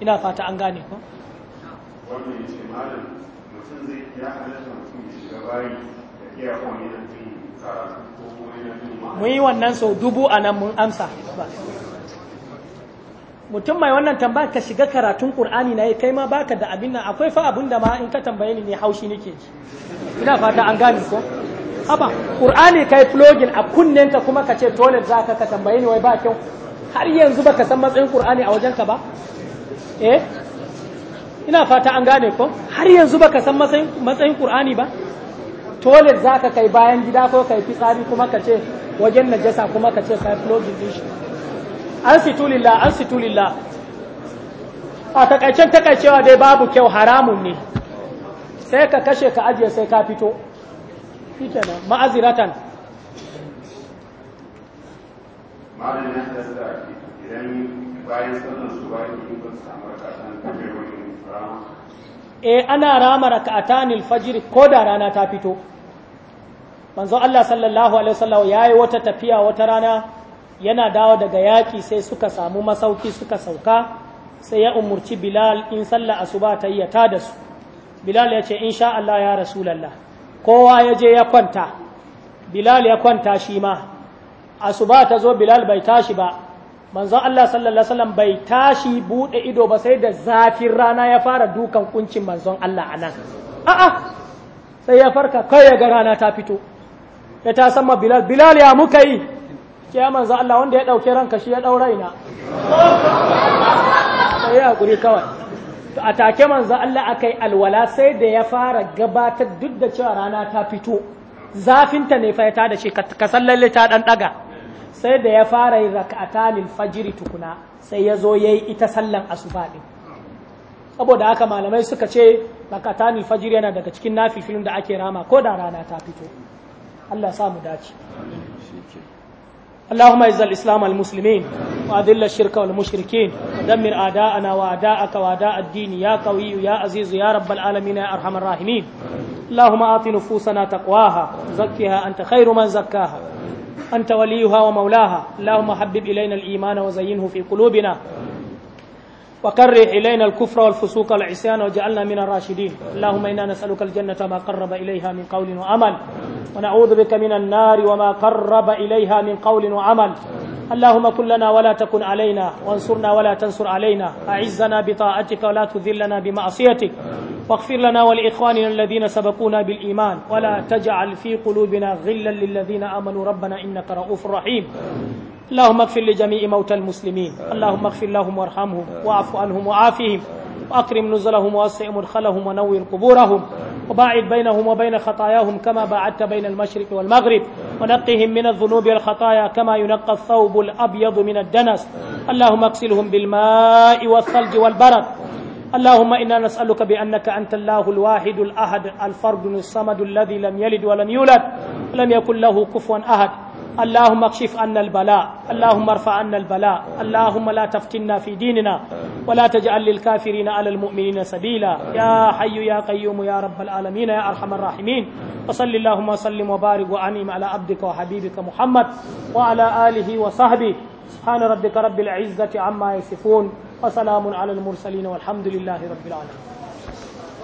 ina fata an gane ko wannan ce malam mutum zai ya halatta mutum ya shiga bayi da iya kuma yana jin karatu ko kuma yana jin mu yi wannan sau dubu a nan mun amsa ba. mutum mai wannan tambaya ka shiga karatun Kur'ani na kai ma baka da abin nan akwai fa abin da ma in ka tambaye ni ne haushi nake ji ina fata an gane ko haba qur'ani kai flogging a kunnenka kuma ka ce toilet zaka ka tambaye ni wai ba kyau har yanzu baka san matsayin qur'ani a wajenka ba eh ina fata an gane ko har yanzu baka san matsayin matsayin qur'ani ba toilet zaka kai bayan gida ko kai fitsari kuma ka ce wajen najasa kuma ka ce kai plugin din shi an situlillah an situlillah a takaicen takaicewa dai babu kyau haramun ne sai ka kashe ka ajiye sai ka fito shi ma'aziratan eh ana rama raka'atanil fajr ko da rana ta fito manzo Allah sallallahu alaihi wasallam yayi wata tafiya wata rana yana dawo daga yaki sai suka samu masauki suka sauka sai ya umurci Bilal in salla asuba tayyata yi da su Bilal ya ce insha Allah ya rasulullah kowa ya je ya kwanta bilal ya kwanta shi ma asuba ta zo bilal bai tashi ba manzon Allah sallallahu alaihi wasallam bai tashi bude ido ba sai da zafin rana ya fara dukan kuncin manzon Allah anan a'a sai ya farka kai ya ga rana ta fito ya ta sama bilal bilal ya muka yi ke manzon Allah wanda ya dauke ranka shi ya daura ina sai ya hakuri kawai to a take manzo Allah akai alwala sai da ya fara gabatar duk da cewa rana ta fito zafinta ne fa ta da shi ka sallalle ta dan daga sai da ya fara yin lil fajiri tukuna sai ya zo yayi ita sallan asuba din saboda haka malamai suka ce lil fajiri yana daga cikin nafi filin da ake rama ko da rana ta fito Allah sa mu dace اللهم اعز الاسلام والمسلمين واذل الشرك والمشركين ودمر اعداءنا واعداءك واعداء الدين يا قوي يا عزيز يا رب العالمين يا ارحم الراحمين اللهم اعط نفوسنا تقواها زكها انت خير من زكاها انت وليها ومولاها اللهم حبب الينا الايمان وزينه في قلوبنا وكره إلينا الكفر والفسوق والعصيان وجعلنا من الراشدين اللهم إنا نسألك الجنة ما قرب إليها من قول وعمل ونعوذ بك من النار وما قرب إليها من قول وعمل اللهم كن لنا ولا تكن علينا وانصرنا ولا تنصر علينا أعزنا بطاعتك ولا تذلنا بمعصيتك واغفر لنا ولإخواننا الذين سبقونا بالإيمان ولا تجعل في قلوبنا غلا للذين آمنوا ربنا إنك رؤوف رحيم اللهم اغفر لجميع موتى المسلمين اللهم اغفر لهم وارحمهم واعف عنهم وعافهم وأكرم نزلهم ووسع مدخلهم ونور قبورهم وباعد بينهم وبين خطاياهم كما باعدت بين المشرق والمغرب ونقهم من الذنوب والخطايا كما ينقى الثوب الأبيض من الدنس اللهم اغسلهم بالماء والثلج والبرد اللهم إنا نسألك بأنك أنت الله الواحد الأحد الفرد الصمد الذي لم يلد ولم يولد ولم يكن له كفوا أحد اللهم اكشف عنا البلاء اللهم ارفع عنا البلاء اللهم لا تفتنا في ديننا ولا تجعل للكافرين على المؤمنين سبيلا يا حي يا قيوم يا رب العالمين يا ارحم الراحمين وصل اللهم وسلم وبارك وانعم على عبدك وحبيبك محمد وعلى اله وصحبه سبحان ربك رب العزه عما يصفون وسلام على المرسلين والحمد لله رب العالمين